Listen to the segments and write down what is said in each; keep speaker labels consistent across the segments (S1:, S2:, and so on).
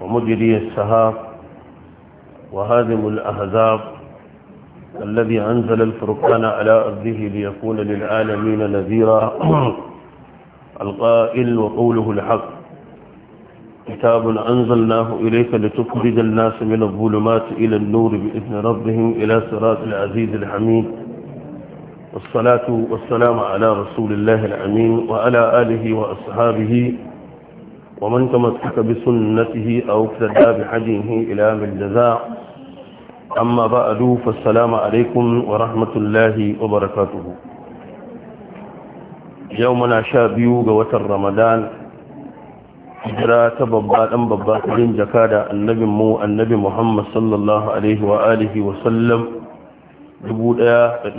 S1: ومجري السهاب وهادم الأهزاب الذي أنزل الفرقان على أرضه ليكون للعالمين نذيرا القائل وقوله الحق كتاب أنزلناه إليك لتخرج الناس من الظلمات إلى النور بإذن ربهم إلى صراط العزيز الحميد والصلاة والسلام على رسول الله الأمين وعلى آله وأصحابه ومن تمسك بسنته أو اقتدى بحجه إلى من الجزاء أما بعد فالسلام عليكم ورحمة الله وبركاته يومنا شابيو watan رمضان hijira ta babba dan babba cikin jakada annabin mu annabi Muhammad sallallahu alaihi wa alihi wa sallam 1444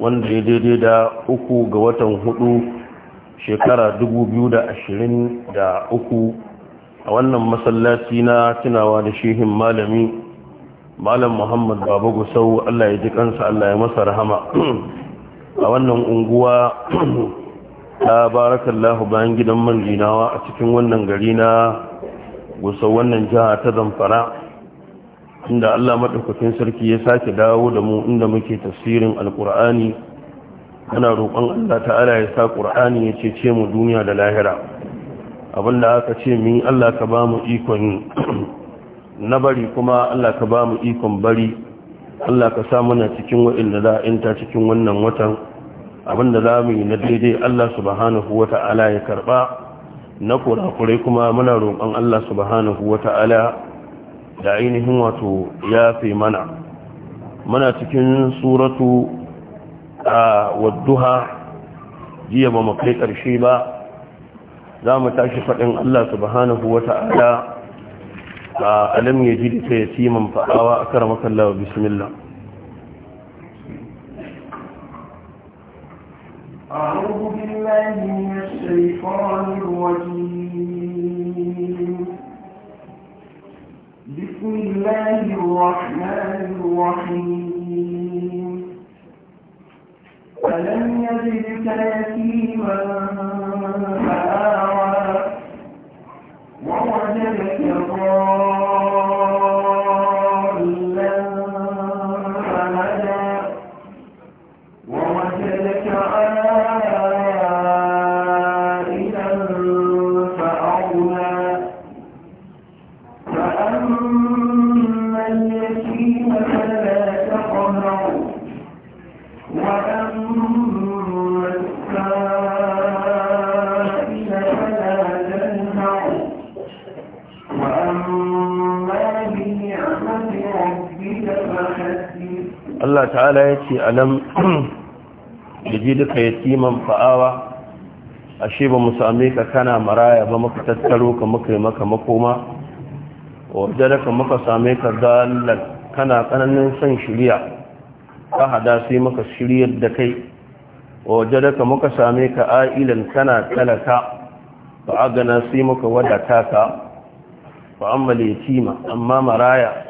S1: wanda ya daidai da uku ga watan hudu shekara ashirin 2023 a wannan masallaci na tunawa da shehin malami malam muhammad baba gusau allah ya ji kansa allah ya masa rahama a wannan unguwa ta barakallahu bayan gidan man a cikin wannan gari na gusau wannan jiha ta zamfara inda allah maɗaukakin sarki ya sake dawo da mu inda muke tafsirin alkur'ani muna roƙon Allah ta'ala ya sa ƙur'ani ya ce mu duniya da lahira abinda aka ce min Allah ka ba mu ikon na bari kuma Allah ka ba mu ikon bari Allah ka sa muna cikin wa'inda za a cikin wannan watan abinda da za mu yi na daidai Allah subhanahu wa ta'ala ya karɓa na kurakurai kuma muna roƙon Allah subhanahu wa ta'ala da ainihin wato ya fi mana muna cikin suratu a wadduha jiya ba mu kai ƙarshe ba za mu tashi faɗin Allah subhanahu wa ta'ala a alam ya ji da ya siman fa'awa a karamakallah bismillah أعوذ بالله من الشيطان الرجيم بسم الله الرحمن الرحيم ألم يجدك يتيما فآوى ووجدك ضالا ta'ala ya ce a nan da ji duka yatiman fa'awa ashe ba mu same ka kana maraya ba muka tattaro ka muka yi maka makoma wajen ka muka same ka dalar kana kananin son shirya ka hada sai muka shiryar da kai wajen ka muka same ka ailan kana talaka ba a gana sai muka wadata ka ba amma yatima amma maraya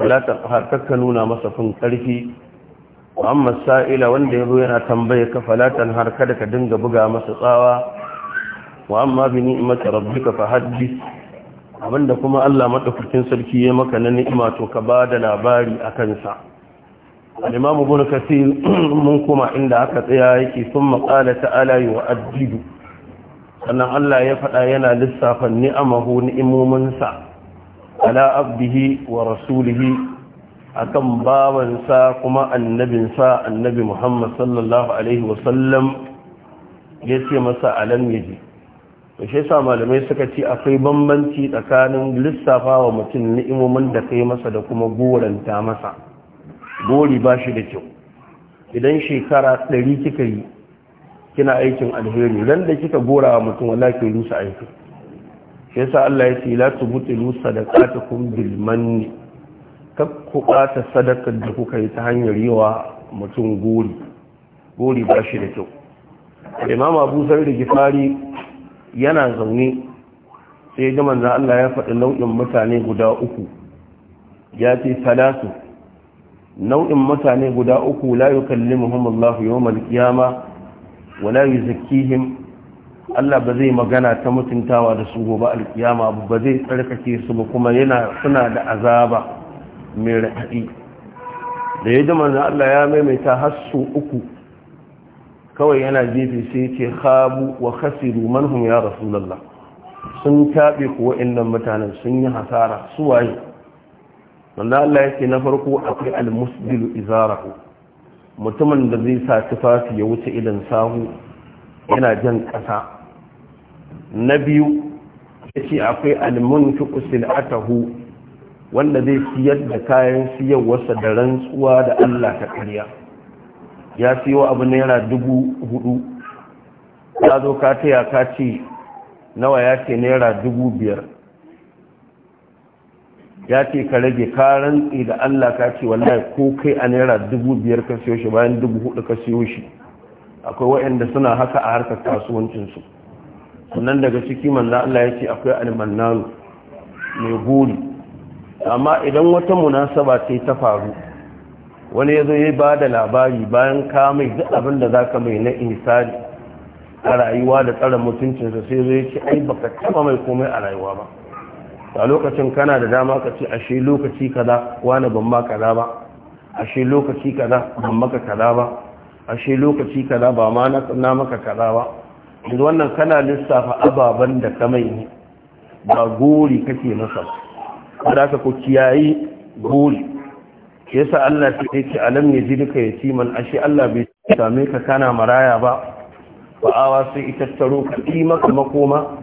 S1: wala ta kakka nuna masa fin ƙarfi amma sa'ila wanda ya zo yana tambaye ka falatan har kada ka dinga buga masa tsawa wa amma bi ni'imati rabbika fa haddith abinda kuma Allah madaukakin sarki ya maka na ni'ima to ka bada labari akan sa al-imam ibn kathir mun kuma inda aka tsaya yake summa qala ta'ala yu'addidu sannan Allah ya faɗa yana lissafa ni'amahu ni'imumansa. ala abdihi wa rasulihi akan babansa kuma annabinsa annabi Muhammad sallallahu alaihi wasallam ya ce masa alam yaji to shi yasa malamai suka ce akwai bambanci tsakanin lissafa wa mutum ni'imomin da kai masa da kuma goranta masa gori ba shi da kyau idan shekara ɗari kika yi kina aikin alheri ran da kika gora wa mutum wallahi ki rusa aikin shi yasa Allah ya ce la mutilu sadaqatukum bil manni ku bata sadakar da kuka yi ta hanyar yawa mutum gori gori ba shi da kyau imam abu sarri gifari yana zaune sai ga manzo Allah ya faɗi nau'in mutane guda uku ya ce salatu nau'in mutane guda uku la yukallimuhum Allah yawmal qiyamah wa la yuzakkihim Allah ba zai magana ta mutuntawa da su gobe alkiyama ba zai tsarkake su ba kuma yana suna da azaba mai raɗaɗi da ya ji Allah ya maimaita har su uku kawai yana jefe sai ce habu wa khasiru manhum ya rasulullah sun taɓe kuwa inda mutanen sun yi hasara su waye manzan Allah yake na farko akwai almusbilu izarahu mutumin da zai sa tufafi ya wuce idan sahu yana jan ƙasa na biyu ya ce akwai almuntu atahu wanda zai siyar da kayan siyarwarsa da rantsuwa da allah ta karya ya siyo abu naira dubu hudu ya zo ka taya ka ce nawa ya ce naira dubu biyar ya ce ka rage ka da allah ka ce wallahi ko kai a naira dubu biyar ka siyo shi bayan dubu hudu ka siyo shi akwai waɗanda suna haka a harkar kasuwancinsu sannan daga ciki manzan Allah ya ce akwai almannanu mai guri amma idan wata munasaba ce ta faru wani ya zo ya ba da labari bayan ka mai duk abin da za ka mai na insani a rayuwa da tsara mutuncinsa sai zo ya ce ai baka taba mai komai a rayuwa ba a lokacin kana da dama ka ce ashe lokaci kaza wani ban ma kaza ba ashe lokaci kaza ban maka kaza ba ashe lokaci kaza ba ma na maka kaza ba yanzu wannan kana lissafa ababen da ka mai ba gori kake masa kada ka ku kiyayi gori yasa Allah ta yake alam ya ji duka yatiman ashe Allah bai same ka kana maraya ba fa'awa sai ita taro ka yi maka makoma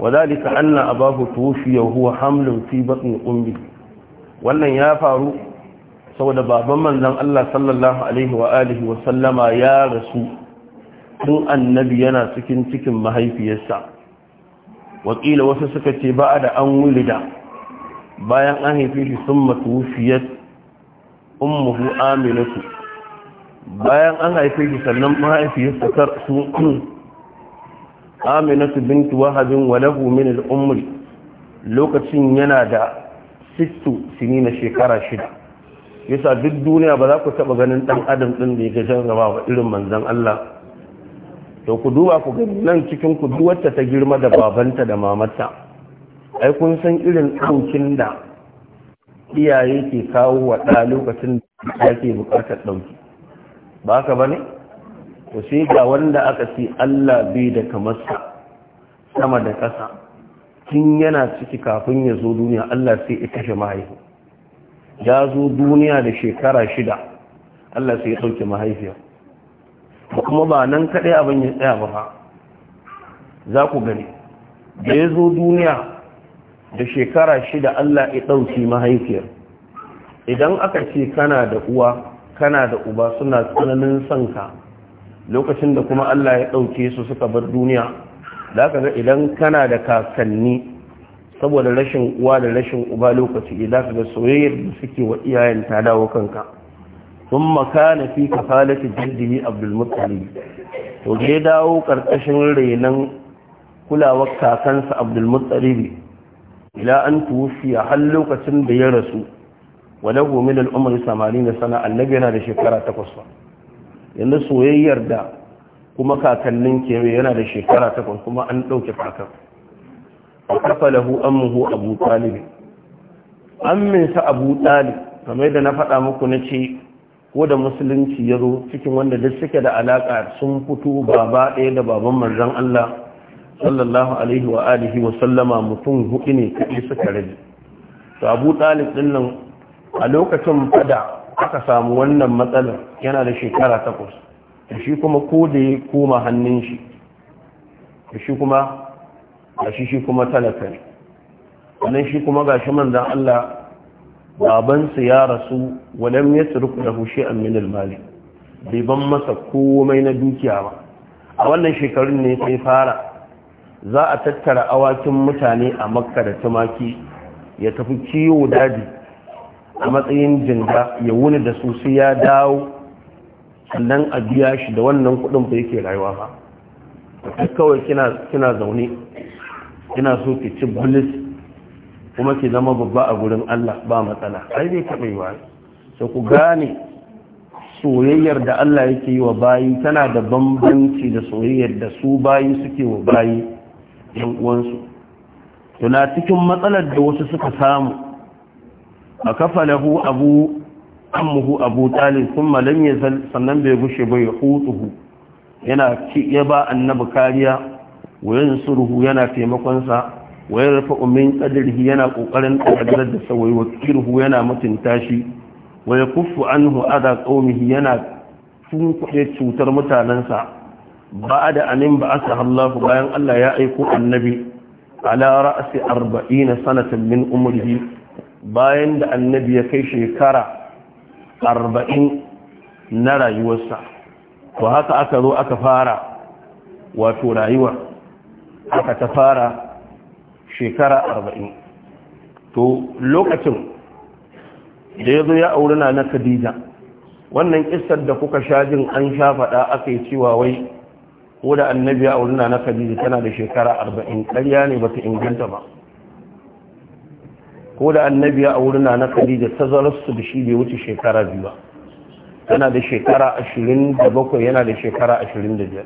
S1: wadalika anna abahu tuwfiya huwa hamlun fi batni ummi wannan ya faru saboda baban manzan Allah sallallahu alaihi wa alihi wa sallama ya rasu tun annabi yana cikin cikin mahaifiyarsa wakila wasu suka ce ba da an wulida bayan an haife shi sun matuwufiyar ummuhu aminatu bayan an haife shi sannan mahaifiyarsa ta su aminatu bintu wahabin walahu min al'umri lokacin yana da sittu sini na shekara shida yasa duk duniya ba za ku taba ganin dan adam din da yake gaba ba irin manzon Allah to ku duba ku gani nan cikin ku duk wacce ta girma da babanta da mamata ai kun san irin ɗaukin da iyaye ke kawo wa ɗa lokacin da yake buƙatar ɗauki ba ka ba ne to sai ga wanda aka ce Allah bai da kamarsa sama da ƙasa tun yana ciki kafin ya zo duniya Allah sai ya kashe mahaifi ya zo duniya da shekara shida Allah sai ya ɗauke mahaifiya kuma ba nan kaɗai abin ya tsaya ba ba za ku gani da ya zo duniya da shekara shida Allah ya ɗauki mahaifiyar idan aka ce kana da uwa kana da uba suna tsananin sanka lokacin da kuma Allah ya ɗauke su suka bar duniya da aka ga idan kana da kakanni saboda rashin uwa da rashin uba lokaci idan ka ga soyayyar da suke wa iyayen ta dawo kanka sun makana fi kafalati jirgin abdulmuttalib to ya dawo karkashin renon kulawar kakansa abdulmuttalib ila an a har lokacin da ya rasu walahu min al'umar samari na sana annabi yana da shekara takwas yanzu soyayyar da kuma kakannin kewaye yana da shekara takwas kuma an ɗauki kakan wa kafalahu ammuhu abu talib ammin sa abu talib kamar da na faɗa muku na ce ko da musulunci ya zo cikin wanda duk suke da alaƙa sun fito baba ɗaya da baban manzon Allah sallallahu alaihi wa alihi wa sallama mutum huɗu ne kaɗai suka rage to abu talib ɗin nan a lokacin fada aka samu wannan matsalar yana da shekara takwas shi kuma ko da ya koma hannun shi shi kuma a shi kuma talaka ne wannan shi kuma ga gashi manzan Allah babansa ya rasu ya yasruk da hushe a minil mali bai ban masa komai na dukiya ba a wannan shekarun ne sai fara za a tattara awakin mutane a makka da tumaki ya tafi kiwo daji a matsayin jinga ya wuni da su sai ya dawo sannan a biya shi da wannan kudin ba yake rayuwa ba kawai kina zaune ina so ki ci bonus kuma ki zama babba a gurin Allah ba matsala ai bai wa yiwa ku gane soyayyar da Allah yake yi wa bayi tana da bambanci da soyayyar da su bayi suke wa bayi yan uwansu tuna cikin matsalar da wasu suka samu a kafa lahu abu ammuhu abu talib kuma lam yasal sannan bai gushe bai hutuhu yana ci ya ba annabi kariya wayan surhu yana taimakonsa wayan rafa umin ƙadirhi yana ƙoƙarin ƙadirar da sauyi wa kirhu yana mutunta shi. waya kufu an hu ada yana sun cutar mutanensa ba a da anin ba a sahallahu bayan allah ya aiko annabi ala ra'asi arba'ina sanatan min umrihi bayan da annabi ya kai shekara arba'in na rayuwarsa ko haka aka zo aka fara wato rayuwa aka ta fara shekara arba'in to lokacin da ya zo ya auri na na khadija wannan kistar da kuka sha jin an sha faɗa aka yi cewa wai ko annabi ya auri na na khadija tana da shekara arba'in ƙarya ne ba ta inganta ba ko da annabi ya auri na na ta zarasu da shi bai wuce shekara biyu ba tana da shekara ashirin da bakwai yana da shekara ashirin da biyar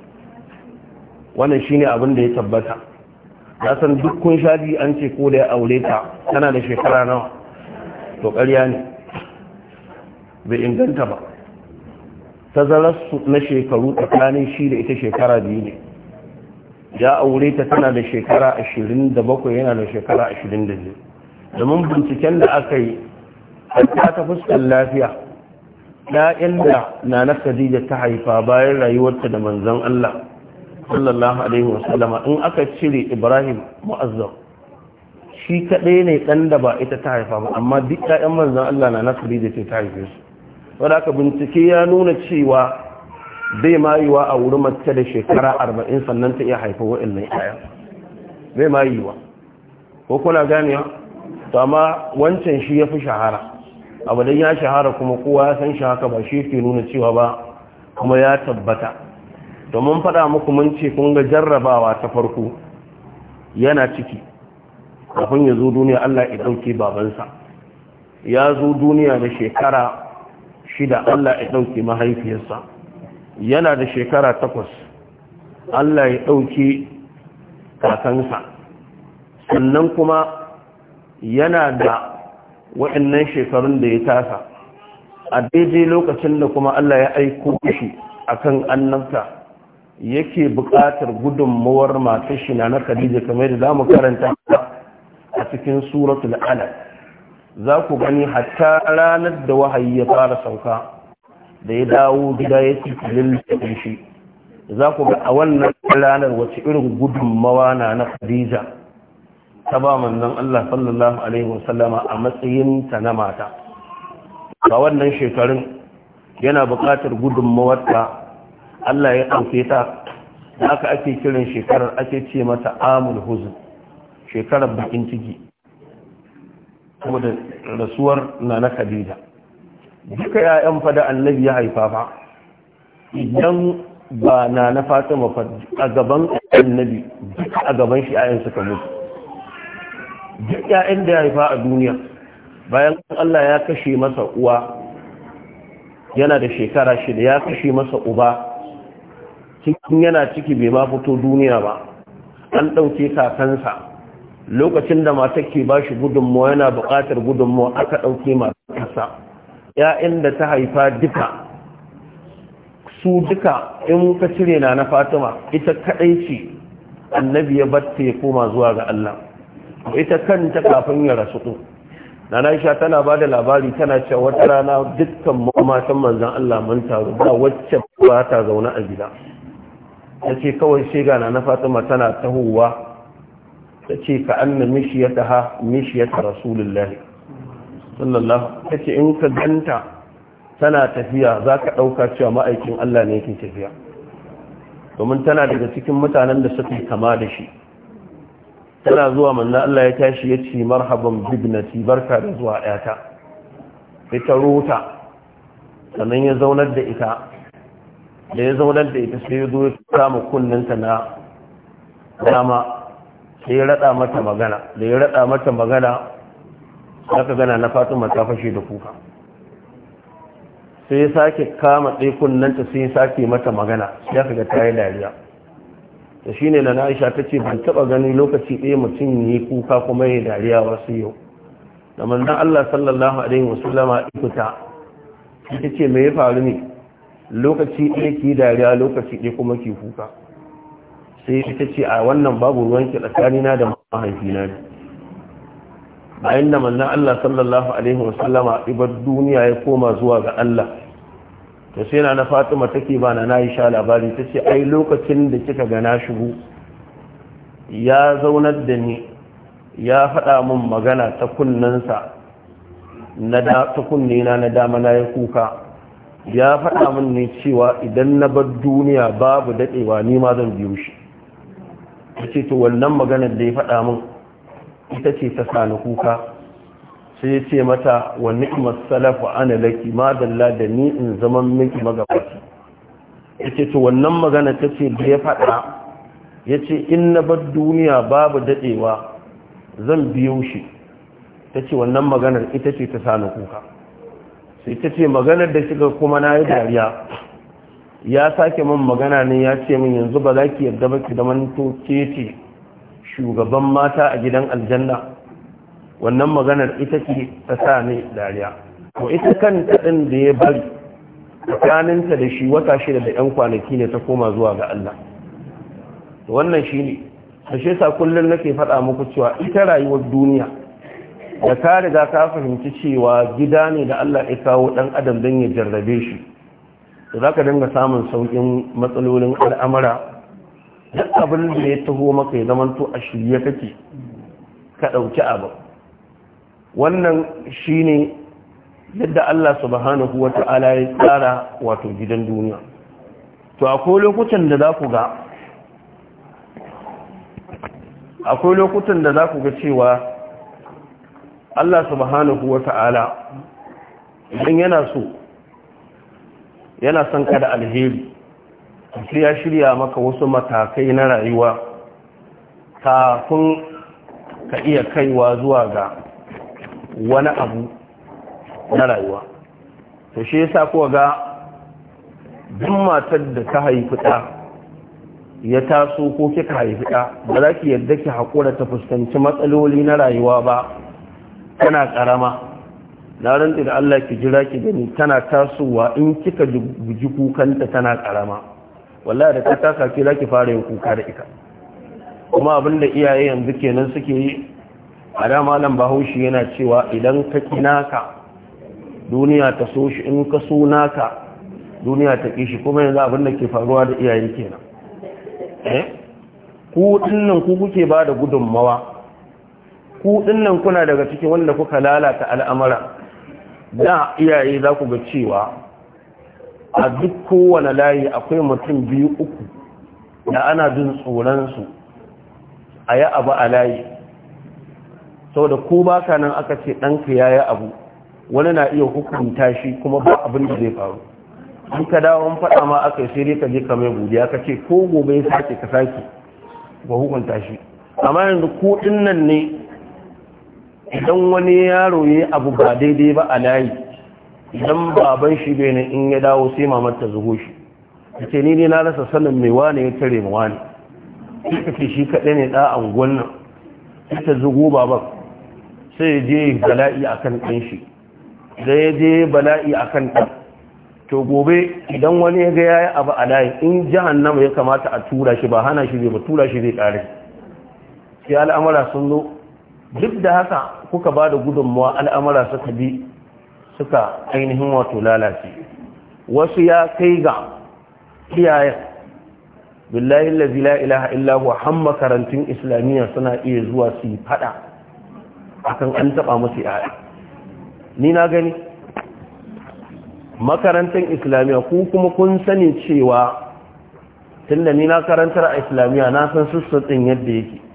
S1: wannan shine abin da ya tabbata ya san duk kun shaji an ce ko da ya aure ta tana da shekara nawa to ƙarya ne bai inganta ba tazararsu na shekaru tsakanin shi da ita shekara biyu ne ya aure ta tana da shekara 27 yana da shekara 22 domin binciken da aka yi hatta ta fuskar lafiya ɗayan da na na khadija ta haifa bayan rayuwarta da manzon Allah sallallahu alaihi wasallama in aka cire ibrahim mu'azzam shi kadai ne ɗan da ba ita ta haifa ba amma duk ƴaƴan manzan Allah na nasiri da ce ta haife su wanda aka bincike ya nuna cewa bai ma yiwa a wuri mace da shekara arba'in sannan ta iya haifa wa'annan ƴaƴa bai ma yiwa ko kuna ganewa to amma wancan shi ya fi shahara abu ya shahara kuma kowa ya san shi haka ba shi ke nuna cewa ba kuma ya tabbata domin faɗa muku mun ce kun ga jarrabawa ta farko yana ciki kafin ya zo duniya Allah ya ɗauke babansa ya zo duniya da shekara shida Allah ya ɗauke mahaifiyarsa yana da shekara takwas Allah ya ɗauke kakansa sannan kuma yana da waɗannan shekarun da ya tasa a daidai lokacin da kuma Allah ya aiko shi akan annabta yake buƙatar gudunmuwar matar shi na Khadija kamar da zamu karanta a cikin suratul alaq za ku gani hatta ranar da wahayi ya fara sauka da ya dawo gida ya ci lillafin shi za ku ga a wannan ranar wace irin gudunmawa na na Khadija ta ba manzon Allah sallallahu alaihi wasallama a matsayin ta na mata ga wannan shekarun yana buƙatar ta Allah ya ɗauke ta da aka ake kiran shekarar ake ce mata amul huzun shekarar bakin ciki saboda rasuwar na na kadida duka ya'yan fada annabi ya haifa fa idan ba na na fatima mafa a gaban annabi duka a gaban shi ayan suka mutu duk ya'yan da ya haifa a duniya bayan Allah ya kashe masa uwa yana da shekara shida ya kashe masa uba cikin yana ciki bai ma fito duniya ba an ɗauke kakansa lokacin da mata ke ba shi gudunmawa yana buƙatar gudunmawa aka ɗauke kasa ‘ya'yan da ta haifa duka su duka in ka cire na na fatima ita kaɗai ce annabi ya batte ya koma zuwa ga Allah ita kanta kafin ya rasu ɗin na Aisha tana ba da labari tana cewa wata rana dukkan matan manzan Allah mun taru ba wacce ba ta zaune a gida ta kawai sai gana na fatima tana tahowa ta ce ka anna mishiyata ha mishiyata rasulullahi sallallahu ta in ka ganta tana tafiya za ka ɗauka cewa ma'aikin allah ne yake tafiya domin tana daga cikin mutanen da suka kama da shi tana zuwa manna Allah ya tashi ya ce marhaban bibnati barka da zuwa ɗata ita rota sannan ya zaunar da ita da ya zaunar da ita sai ya zo ya kama kunninta na dama sai ya raɗa mata magana da ya raɗa mata magana aka gana na fatima ta fashe da kuka sai ya sake kama ɗai kunninta sai ya sake mata magana sai aka ga tayi yi dariya da shine da na aisha ta ce ban taɓa gani lokaci ɗaya mutum yi kuka kuma ya dariya ba su yau da manzan allah sallallahu alaihi wasallama ikuta ita ce me ya faru ne lokaci ɗaya ki dariya lokaci ɗaya kuma ki kuka sai ita ce a wannan babu ruwanki tsakanina da mahaifina ne bayan da manna Allah sallallahu alaihi wasallama ibar duniya ya koma zuwa ga Allah to sai na Fatima take ba na nayi sha labari ce ai lokacin da kika ga na shigo ya zaunar da ni ya faɗa min magana ta kunnensa na da ta kunne na na dama na ya kuka ya faɗa min ne cewa idan na bar duniya babu daɗewa ni ma zan biyo shi ya ce to wannan maganar da ya faɗa min ita ce ta sani kuka sai ya ce mata wa ni'mar salafu ana laki ma dalla da ni in zaman miki magabaci ya ce to wannan maganar ta ce da ya faɗa ya ce in na bar duniya babu daɗewa zan biyo shi ta ce wannan maganar ita ce ta sani kuka sai ta ce maganar da shiga kuma na yi dariya ya sake man magana ne ya ce min yanzu ba za ki yarda ba ki da manto ce shugaban mata a gidan aljanna wannan maganar ita ce ta sa ne dariya ko ita kan taɗin da ya bari tsakaninta da shi wata shida da 'yan kwanaki ne ta koma zuwa ga Allah wannan shi ne a shesa kullum nake faɗa muku cewa ita rayuwar duniya da ka riga ka fahimci cewa gida ne da Allah ya kawo dan adam don ya jarrabe shi za ka dinga samun saukin matsalolin al'amara duk abin da ya taho maka ya to a shirye kake ka ɗauki abu wannan shine yadda Allah subhanahu wa ta'ala ya tsara wato gidan duniya to akwai lokutan da za ga akwai lokutan da za ku ga cewa Allah subhanahu wa ta'ala idan yana so yana son ka alheri sai ya shirya maka wasu matakai na rayuwa kafin ka iya kaiwa zuwa ga wani abu na rayuwa ta shi yasa kuwa ga duk matar da ta haifi ɗa ya taso ko kika haifi ɗa ba za ki yadda ki haƙura ta fuskanci matsaloli na rayuwa ba tana karama na rantsi da Allah ki jira ki gani tana tasowa in kika ji kukanta tana karama wallahi da ta taka ki za fara yin kuka da ita kuma abinda iyaye yanzu kenan suke yi a da malam bahaushe yana cewa idan ka ki naka duniya ta so shi in ka so naka duniya ta ƙi shi kuma yanzu abinda ke faruwa da iyaye kenan eh ku dinnan ku kuke ba da gudunmawa ku dinnan kuna daga cikin wanda kuka lalata al'amara da iyaye za ku ga cewa a duk kowane layi akwai mutum biyu uku da ana jin tsoronsu a yi abu a layi sau da ko ba ka nan aka ce ɗanka ya yi abu wani na iya hukunta shi kuma ba abin da zai faru in ka dawo an faɗa ma aka sai dai ka je ka mai godiya ka ce ko gobe ya sake ka sake ba hukunta shi amma yanzu ko ɗin nan ne idan wani yaro ya yi abu ba daidai ba a layi idan baban shi bai in ya dawo sai mamar ta zuho shi ta ce ni ne na rasa sanin mai wane ya tare mu wane ta shi kaɗai ne ɗa angon nan ta zugo baban sai ya je bala'i a kan ɗan shi da ya je bala'i a kan ɗan to gobe idan wani ya ga yayi abu a layi in jahannama ya kamata a tura shi ba hana shi zai ba tura shi zai ƙare sai al'amura sun zo duk da haka kuka ba da gudunmuwa al'amura suka bi suka ainihin wato lalace wasu ya kai ga kiyayen billahi lazi la ilaha illahu han makarantun islamiyya suna iya zuwa su yi fada akan an taba musu yaya ni na gani makarantun islamiyya ku kuma kun sani cewa tunda ni na karantar islamiyya na san sussun yadda yake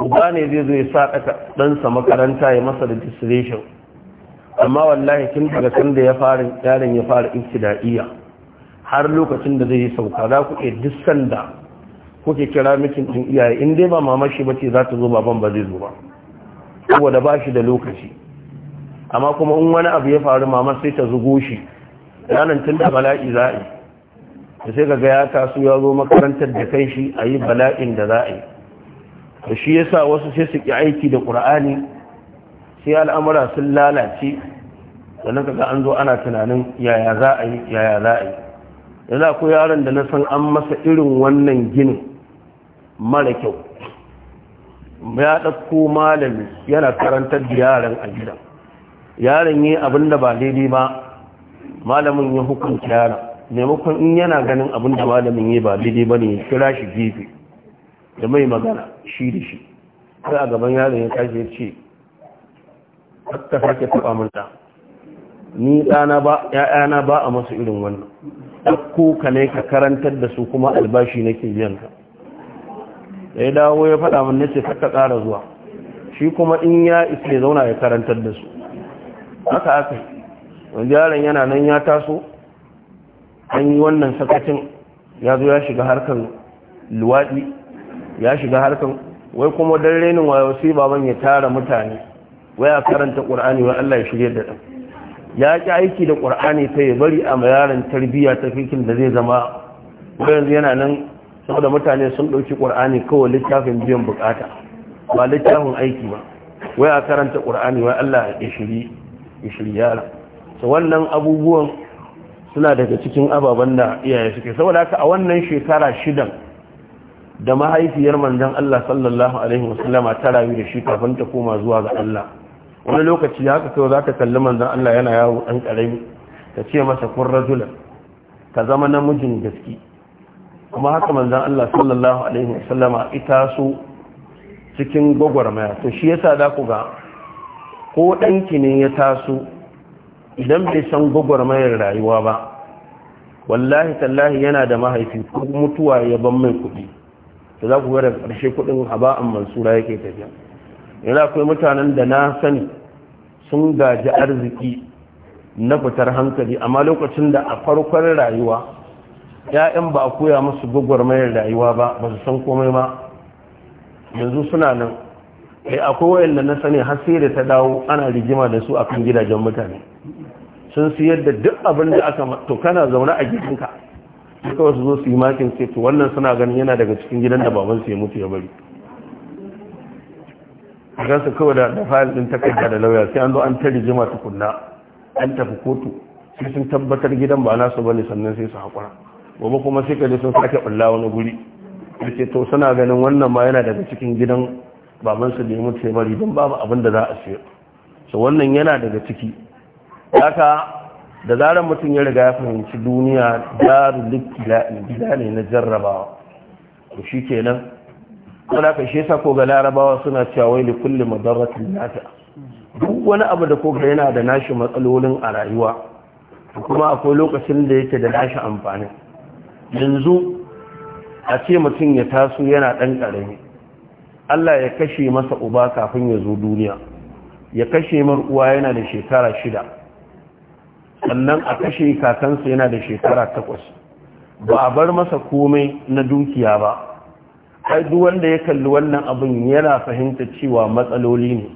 S1: uba ne zai zo ya sa ɗansa makaranta ya masa da registration amma wallahi tun daga kan da ya fara yaron ya fara ibtida'iyya har lokacin da zai yi sauka za ku iya da kuke kira mikin din iyaye in dai ba mamashi ce za ta zo baban ba zai zo ba da ba shi da lokaci amma kuma in wani abu ya faru mama sai ta zugo shi ranar tun bala'i za a yi da sai ga ya taso ya zo makarantar da kai shi a yi bala'in da za a yi da shi yasa wasu sai su ki aiki da ƙur'ani sai al'amura sun lalace sannan kaga an zo ana tunanin yaya za a yi yaya za a yi yanzu akwai yaron da na san an masa irin wannan ginin mara kyau ya ɗauko malami yana karantar da yaran a gidan yaron yi abin da ba daidai ba malamin ya hukunta yaron maimakon in yana ganin abin da malamin yi ba daidai ba ne ya kira shi gefe da mai magana shi da shi har a gaban yaron ya tashi ya ce ta sake taɓa murta ni dana ba ‘ya'yana ba a masu irin wannan ɗauko ka ne ka karantar da su kuma albashi nake biyan ka Sai dawo ya faɗa min nace ka ƙara zuwa shi kuma in ya ice zauna ya karantar da su haka haka wanda yaron yana nan ya taso an yi wannan sakacin ya zo ya shiga harkar luwaɗi ya shiga harkan wai kuma dan renin wayo sai baban ya tara mutane wai a karanta qur'ani wai Allah ya shirya da dan ya ki aiki da ƙur'ani ta ya bari a yaron tarbiyya ta fikin da zai zama yanzu yana nan saboda mutane sun ɗauki qur'ani kawai littafin biyan bukata ba littafin aiki ba wai a karanta ƙur'ani wai Allah ya shiri ya shirya so wannan abubuwan suna daga cikin ababen da iyaye suke saboda haka a wannan shekara shidan da mahaifiyar manzan Allah sallallahu alaihi wasallama ta rayu da shi kafin ta koma zuwa ga Allah wani lokaci haka kai za ta kalli manzon Allah yana yawo dan karami ta ce masa kun rajula ka zama namijin gaske kuma haka manzon Allah sallallahu alaihi wasallama ita so cikin gwagwarmaya to shi yasa za ku ga ko ɗanki ne ya taso idan bai san gwagwarmayar rayuwa ba wallahi tallahi yana da mahaifi ko mutuwa ya ban mai kuɗi to za ku ga daga ƙarshe kuɗin haba'an mansura yake tafiya yana akwai mutanen da na sani sun gaji arziki na fitar hankali amma lokacin da a farkon rayuwa ‘ya'yan ba a koya musu gwagwarmayar rayuwa ba ba su san komai ba yanzu suna nan kai eh, akwai wayanda na sani har sai da ta dawo ana rigima da su akan gidajen mutane sun siyar da duk abin da aka to kana zaune a gidanka sai kawai su zo su yi makin ce to wannan suna ganin yana daga cikin gidan da baban su ya mutu ya bari a su kawai da da fayil ɗin takarda da lauya sai an zo an tari jima tukunna an tafi kotu sai sun tabbatar gidan ba nasu ne sannan sai su haƙura gobe kuma sai kaje sun sake bulla wani guri sai to suna ganin wannan ma yana daga cikin gidan baban su da ya mutu ya bari don babu abin da za a siya so wannan yana daga ciki haka da zarar mutum ya riga ya fahimci duniya daru littila gida ne na jarrabawa Ko shi ke kenan kuna ka shi yasa ko ga larabawa suna cewa wai da kulle madarratin nata duk wani abu da koga yana da nashi matsalolin a rayuwa kuma akwai lokacin da yake da nashi amfani yanzu a ce mutum ya taso yana ɗan karami Allah ya kashe masa uba kafin ya zo duniya ya kashe mar uwa yana da shekara shida sannan a kashe kakansa yana da shekara takwas ba a bar masa komai na dukiya ba ai duk wanda ya kalli wannan abin yana fahimta cewa matsaloli ne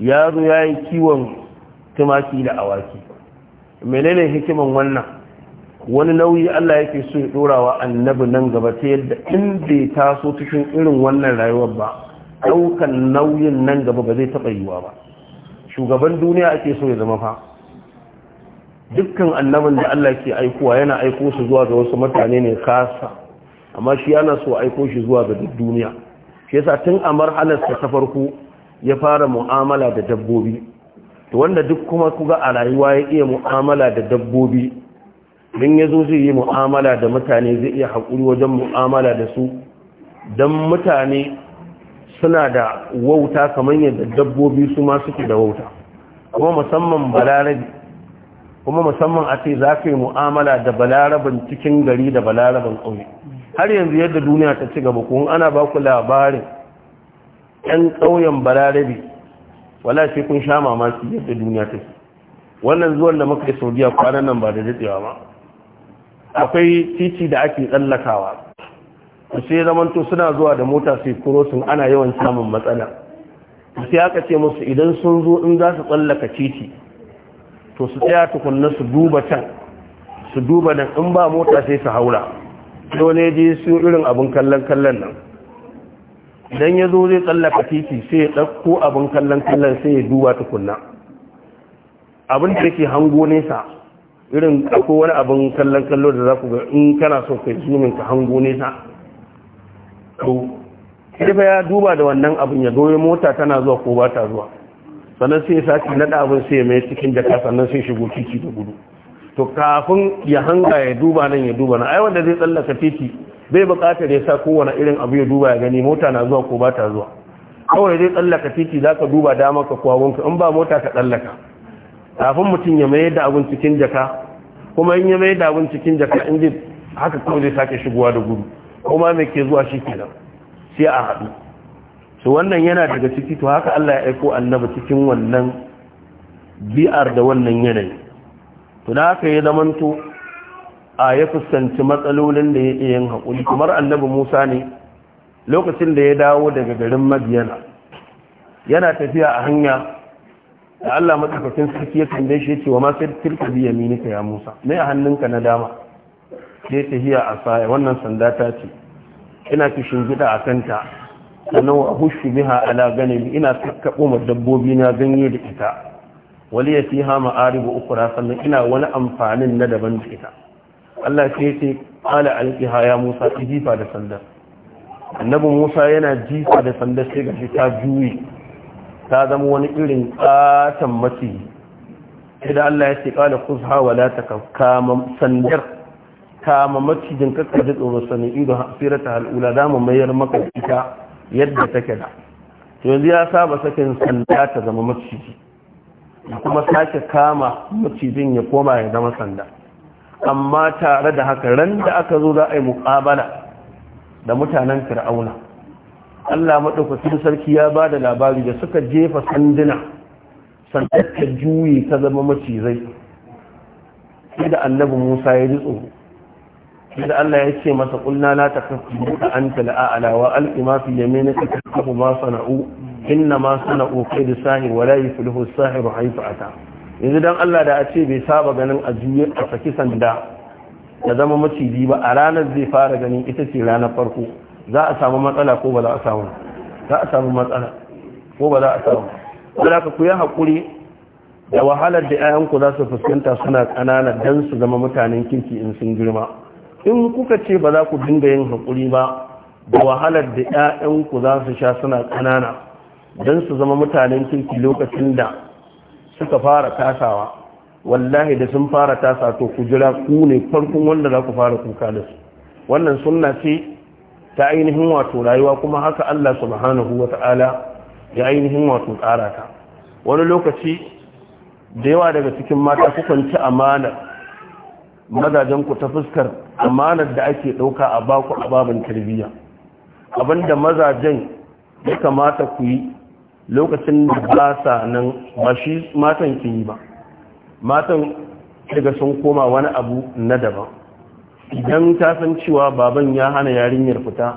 S1: yaro ya yi kiwon tumaki da awaki menene hikiman wannan wani nauyi Allah yake so ya dora wa annabi nan gaba ta yadda in bai taso cikin irin wannan rayuwar ba ɗaukan nauyin nan gaba ba zai taɓa yiwa ba shugaban duniya ake so ya zama fa dukkan annaban da Allah ke aikowa yana aiko su zuwa ga wasu mutane ne kasa amma shi yana so aiko shi zuwa ga duk duniya shi yasa tun a marhalar ta farko ya fara mu'amala da dabbobi to wanda duk kuma kuga a rayuwa ya iya mu'amala da dabbobi don yazo zai yi mu'amala da mutane zai iya haƙuri wajen mu'amala da su don mutane suna da wauta kamar yadda dabbobi su ma suke da wauta kuma musamman balarabi kuma musamman a ce za ka yi mu'amala da balarabin cikin gari da balarabin ƙauye har yanzu yadda duniya ta ci gaba kun ana ba ku labarin 'yan ƙauyen balarabi. wala sai kun sha mamaki yadda duniya ta ci wannan zuwan da muka yi saudiya kwanan nan ba da daɗewa ba akwai titi da ake tsallakawa ku sai zamanto suna zuwa da mota sai kurosin ana yawan samun matsala sai aka ce musu idan sun zo in za su tsallaka titi to su tsaya tukunna su duba can su duba nan in ba mota sai su haura dole ji su irin abin kallon kallon nan idan ya zo zai tsallaka titi sai ya ɗauko abin kallon kallon sai ya duba tukunna abin da yake hango nesa irin ɗauko wani abin kallon kallo da za ku ga in kana so kai zumin ka hango nesa to sai ya duba da wannan abin ya goyi mota tana zuwa ko ba ta zuwa sannan sai sake naɗa abin sai mai cikin jaka sannan sai shigo titi da gudu to kafin ya hanga ya duba nan ya duba nan ai wanda zai tsallaka titi bai buƙatar ya sa kowane irin abu ya duba ya gani mota na zuwa ko ba ta zuwa kawai zai tsallaka titi za ka duba dama ka kwagonka in ba mota ka tsallaka kafin mutum ya mayar da abin cikin jaka kuma in ya mayar da abin cikin jaka in ji haka kawai zai sake shigowa da gudu kuma mai ke zuwa shi kenan sai a haɗu to wannan yana daga ciki to haka Allah ya aiko annabi cikin wannan bi'ar da wannan yanayi to da haka ya zamanto a ya fuskanci matsalolin da ya yin haƙuri kamar annabi Musa ne lokacin da ya dawo daga garin Madiyana yana tafiya a hanya da Allah matsakakin sarki ya tambaye shi ce wa ma sai tilka biya yaminika ya Musa me a hannunka na dama sai ta hiya saya wannan sanda ta ce ina kishin gida a kanta sannan wa hushu biha ala ganin ina kakkaɓo ma dabbobi na ganye da ita Wani ya fi hama aribu ukura sannan ina wani amfanin na daban da ita Allah sai ce ala alƙiha ya Musa ta jifa da sandar annabi Musa yana jifa da sandar sai gashi ta juyi ta zama wani irin ƙatan maciji idan Allah ya ce kala kuzha wala takam sandar kama macijin kakkaje tsoro sanin ido hasirata halula zamu mayar maka ita yadda take da to yanzu ya saba sakin sanda ta zama maciji da kuma sake kama macijin ya koma ya zama sanda amma tare da haka ran da aka zo za a yi muƙabala da mutanen fir'auna Allah maɗaukacin sarki ya ba da labari da suka jefa sanduna sanda, ta juyi ta zama macizai sai da annabi musa ya ji tsoro sai da Allah ya ce masa kulna la takaffu ka anta la'ala wa alqi ma fi yaminika takaffu ma sana'u inna ma sana'u kaydu sahir wa la yuflihu sahiru haythu ata yanzu dan Allah da a ce bai saba ganin a juye a saki sanda ya zama maciji ba a ranar zai fara ganin ita ce ranar farko za a samu matsala ko ba za a samu za a samu matsala ko ba za a samu saboda ku yi hakuri da wahalar da 'ya'yanku za su fuskanta suna ƙanana don su zama mutanen kirki in sun girma in kuka ce ba za ku dinga yin haƙuri ba da wahalar da 'ya'yanku za su sha suna ƙanana don su zama mutanen kirki lokacin da suka fara tasawa wallahi da sun fara tasa to ku jira ku ne farkon wanda za ku fara kuka da su wannan sunna ce ta ainihin wato rayuwa kuma haka Allah subhanahu wata'ala ya ainihin wato tsara ta wani lokaci da yawa daga cikin mata kukan ci amana mazajen ku ta fuskar amanar da ake ɗauka a baku a babin tarbiyya abinda mazajen ya kamata ku yi lokacin da ba sa nan ba shi matan ke yi ba matan daga sun koma wani abu na daban idan ta san cewa baban ya hana yarinyar fita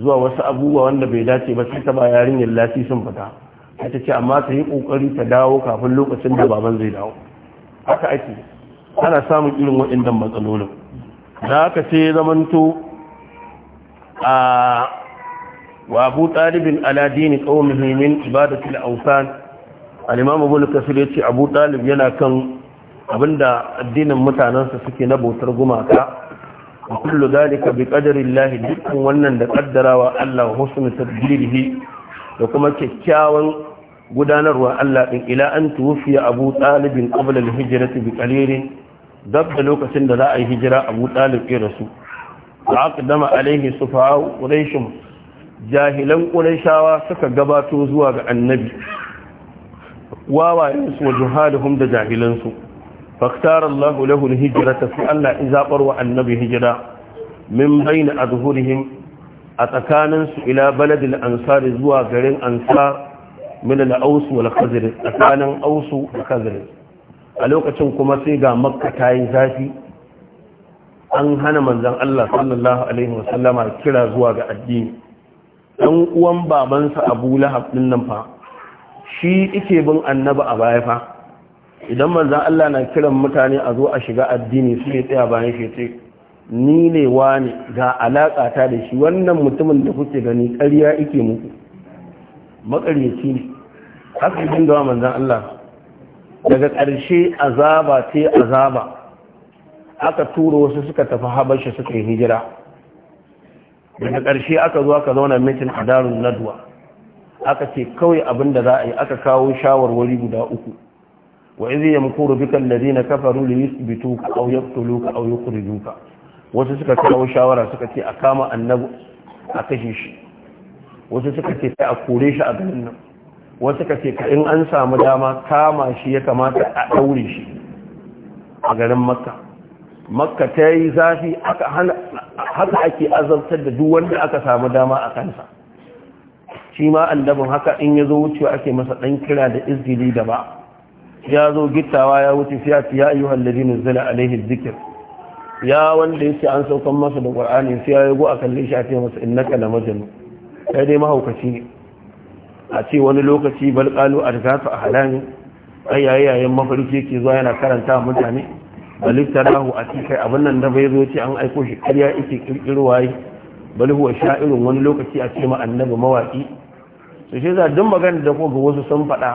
S1: zuwa wasu abubuwa wanda bai dace ba sai ta ba yarinyar lasisin sun fita ta ce amma ta yi kokari ta dawo kafin lokacin da baban zai dawo haka ake ana samun irin waɗannan matsalolin da aka ce zamanto a wa abu ɗalibin aladini ƙawon muhimmin ibadatul ausan al'imamu abu kasir ya ce abu ɗalib yana kan abinda addinin mutanensa suke na bautar gumaka a kullu dalika bi ƙadarin lahi dukkan wannan da ƙaddarawa allah husnu tadbirihi da kuma kyakkyawan gudanarwa allah ɗin ila an tuwufiya abu ɗalibin ƙabalar hijirati bi ƙalirin dab da lokacin da za a yi hijira abu ɗalib ya rasu da aka dama alaihi su ƙureshin jahilan ƙureshawa suka gabato zuwa ga annabi wawayensu wa juhalihum da jahilansu faktar Allah lahu hijira ta fi Allah in zaɓar wa annabi hijira min bayin azhurihim a tsakaninsu ila baladil ansari zuwa garin ansar min al wal khazir tsakanin ausu da khazir a lokacin kuma sai ga makka ta yi zafi an hana manzan Allah sallallahu alaihi wasallama kira zuwa ga addini dan uwan babansa Abu Lahab din nan fa shi yake bin annabi a baya fa idan manzan Allah na kiran mutane a zo a shiga addini su ne tsaya bayan shi ce ni ne wani ga alaka ta da shi wannan mutumin da kuke gani ƙarya yake muku makaryaci ne haka idan da manzan Allah daga ƙarshe azaba ce azaba aka turo wasu suka tafi habashi suka yi hijira daga ƙarshe aka zo aka zauna mitin a darun nadwa aka ce kawai abin da za a yi aka kawo shawarwari guda uku wa izi ya mukuru bikan da zina kafaru da yusbitu ka au yaktulu ka au yukhrijuka ka wasu suka kawo shawara suka ce a kama annabi a kashe shi wasu suka ce sai a kore shi a garin nan wasu ka ce in an samu dama kama shi ya kamata a ɗaure shi a garin makka makka ta yi zafi haka ake azabtar da duk wanda aka samu dama a kansa shi ma annabin haka in ya zo wucewa ake masa ɗan kira da izgili da ba ya zo gittawa ya wuce fiya ya yi hallabi nuzula alaihi zikir ya wanda ce an saukan masa da ƙwar'ani sai ya go a kalle shi a ce masa innaka na majnun sai dai mahaukaci ne a ce wani lokaci a qalu arzafa a ai yayin mafarki yake zuwa yana karanta mutane rahu a cikin abin nan da bai zo ce an aiko shi karya yake kirkirwa yi sha'irin wani lokaci a ce ma mawaƙi su shi za dun magana da kuma wasu sun faɗa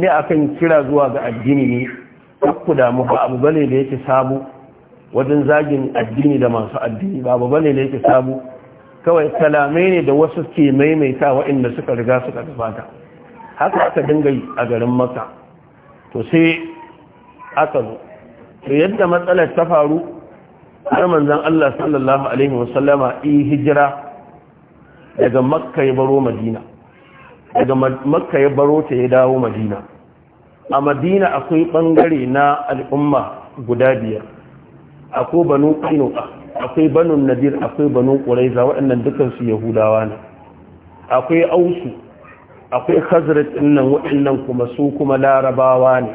S1: ne akan kira zuwa ga addini ne ku damu ba abu bane da yake sabu wajen zagin addini da masu addini ba abu bane da yake sabu kawai kalamai ne da wasu ke maimaita waɗanda suka riga suka gabata haka aka dinga yi a garin maka to sai aka zo to yadda matsalar ta faru har manzan Allah sallallahu alaihi wasallama yi hijira daga makka ya baro madina daga makka ya baro ta ya dawo madina a madina akwai bangare na al'umma guda biyar akwai banu kainuka akwai banu nadir akwai banu quraiza waɗannan dukan su yahudawa ne akwai ausu akwai khazraj dinnan waɗannan kuma su kuma larabawa ne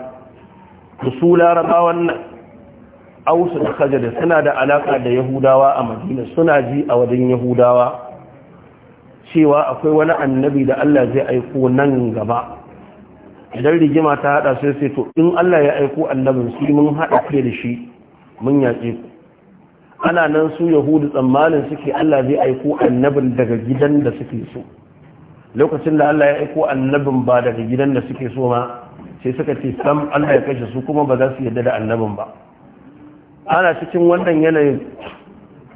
S1: su larabawan nan ausu da khazraj suna da alaka da yahudawa a madina suna ji a wajen yahudawa cewa akwai wani annabi da Allah zai aiko nan gaba idan rigima ta hada sai sai to in Allah ya aiko annabin su mun hada kai da shi mun yaƙe ku ana nan su yahudu tsammanin suke Allah zai aiko annabin daga gidan da suke so lokacin da Allah ya aiko annabin ba daga gidan da suke so ma sai suka ce sam Allah ya kashe su kuma ba za su yarda da annabin ba ana cikin wannan yanayin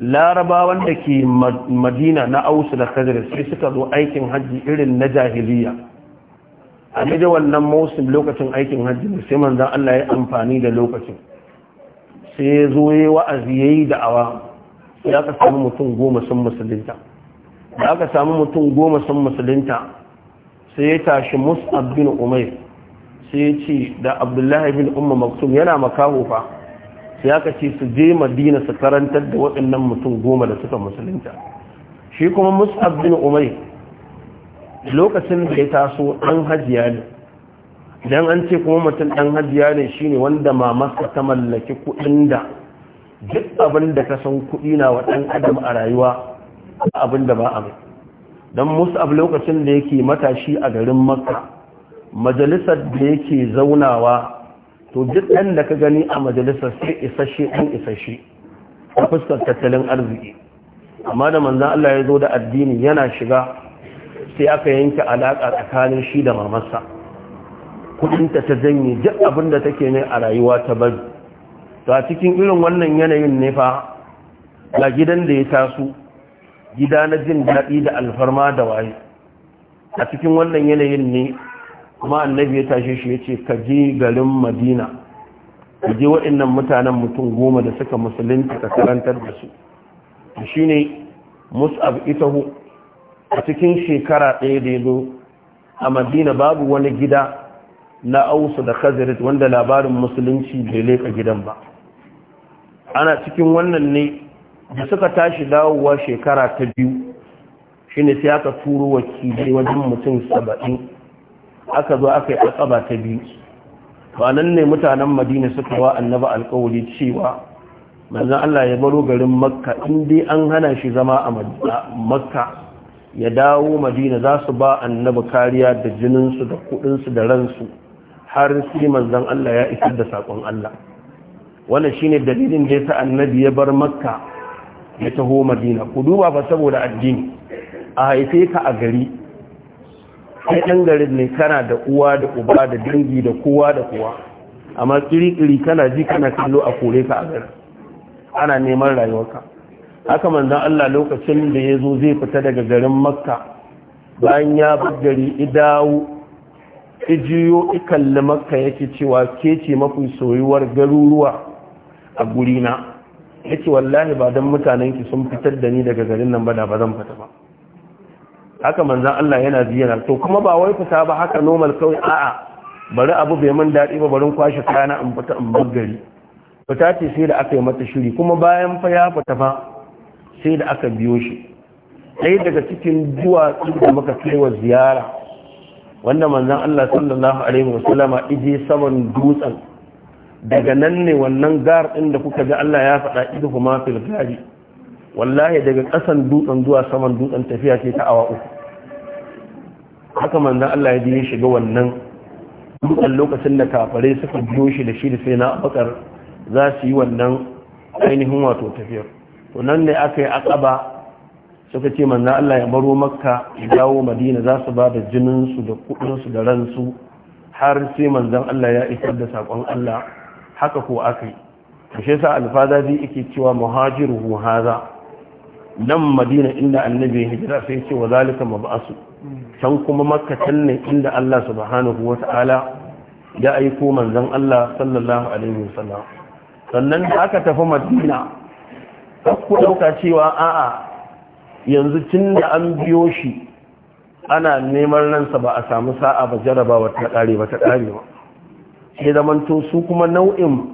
S1: larabawan da ke madina na ausu da kazir sai suka zo aikin hajji irin na jahiliya a daidai wannan mausim lokacin aikin hajji sai manzan Allah ya amfani da lokacin sai ya zo ya wa'azi ya yi awa ya ka sami mutum goma sun musulinta da aka sami mutum goma sun musulinta sai ya tashi mus'ab bin umair sai ya ce da abdullahi bin umar maktum yana makaho fa sai ka ce su je madina su karantar da waɗannan mutum goma da suka musulinta shi kuma mus'ab bin umar lokacin da ya taso ɗan hajiya ne idan an ce kuma mutum ɗan hajiya ne shine wanda mamarsa ta mallaki kuɗin da duk abin da ka san kuɗi na wa ɗan adam a rayuwa abin da ba a mai don musab lokacin da yake matashi a garin makka majalisar da yake zaunawa to duk ɗan da ka gani a majalisar sai isashe ɗan isashe a fuskar tattalin arziki amma da manzan Allah ya zo da addini yana shiga sai aka yanke alaƙa tsakanin shi da mamarsa kudinta ta janye duk abin da take ne a rayuwa ta bari to a cikin irin wannan yanayin ne fa ga gidan da ya taso gida na jin daɗi da alfarma da waye a cikin wannan yanayin ne kuma annabi ya tashe shi ya ce ka je garin madina ka je waɗannan mutanen mutum goma da suka musulunci ka karantar da su shi ne mus'ab itahu a cikin shekara ɗaya da ya zo a madina babu wani gida na ausu da khazirit wanda labarin musulunci bai leka gidan ba ana cikin wannan ne da suka tashi dawowa shekara ta biyu shine sai aka turo wakilai wajen mutum saba'in aka zo aka yi asaba ta biyu ba nan ne mutanen madina suka wa annaba alkawali cewa manzan Allah ya baro garin makka dai an hana shi zama a makka ya dawo madina za su ba annaba kariya da jininsu da kudinsu da ransu har shi manzon Allah ya isa da sakon Allah wannan shine dalilin da yasa annabi ya bar makka ya taho madina ku duba fa saboda addini a haife ka a gari kai dan garin ne kana da uwa da uba da dangi da kowa da kowa amma kiri-kiri kana ji kana kallo a kore ka a garin ana neman rayuwarka haka manzon Allah lokacin da ya zo zai fita daga garin makka bayan ya bar gari idawo ijiyo ikalli makka yake cewa ke ce mafi soyuwar garuruwa a gurina ya ce wallahi ba don ki sun fitar da ni daga garin nan ba da ba zan fita ba haka manzan Allah yana ziyara to kuma ba wai fita ba haka nomal kawai a'a bari abu bai man daɗi ba barin kwashe kayana in fita in bar gari fita ce sai da aka yi mata shiri kuma bayan fa ya fita fa sai da aka biyo shi ɗaya daga cikin duwatsu da muka kai wa ziyara wanda manzan Allah sallallahu alaihi wasallama ije saman dutsen daga nan ne wannan gar din da kuka ga Allah ya faɗa idu kuma fil gari wallahi daga ƙasan dutsen zuwa saman dutsen tafiya ce ta awa uku haka manzan Allah ya ya shiga wannan dutsen lokacin da kafare suka biyo shi da shi da sai na bakar za su yi wannan ainihin wato tafiyar to nan ne aka yi akaba suka ce manna Allah ya baro makka ya dawo madina za su ba da jininsu da kudinsu da ransu har sai manzan Allah ya isar da sakon Allah haka ko aka yi da shi sa alfazazi yake cewa muhajiru haza nan madina inda annabi ya hijira sai ce wa zalika mab'asu can kuma makka can ne inda Allah subhanahu wata'ala ya aiko manzan Allah sallallahu alaihi wasallam sannan da aka tafi madina ku dauka cewa a'a yanzu tun da an biyo shi ana neman ransa ba a samu sa'a ba ba ta ƙare ba ta ƙare ba sai zamanto su kuma nau'in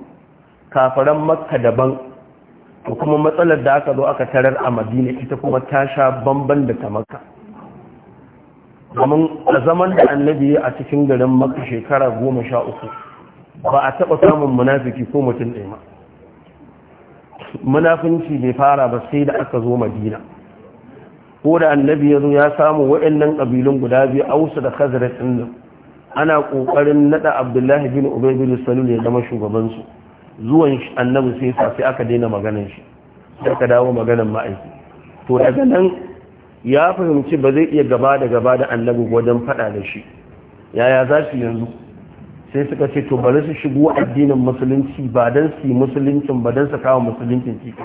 S1: kafaran makka daban to kuma matsalar da aka zo aka tarar a madina ita kuma ta sha bamban da ta makka domin a zaman da annabi a cikin garin makka shekara goma sha uku ba a taɓa samun munafiki ko mutum ɗaya ba munafinci bai fara ba sai da aka zo madina ko da annabi ya zo ya samu waɗannan ƙabilun guda biyu hausa da khazraj din nan ana ƙoƙarin naɗa abdullahi bin ubay bin salul ya zama shugabansu zuwan annabi sai sa sai aka daina maganar shi sai aka dawo maganar ma'aiki to daga nan ya fahimci ba zai iya gaba da gaba da annabi wajen faɗa da shi yaya za su yanzu sai suka ce to bari su shigo addinin musulunci ba don su yi musuluncin ba don su kawo musuluncin ciki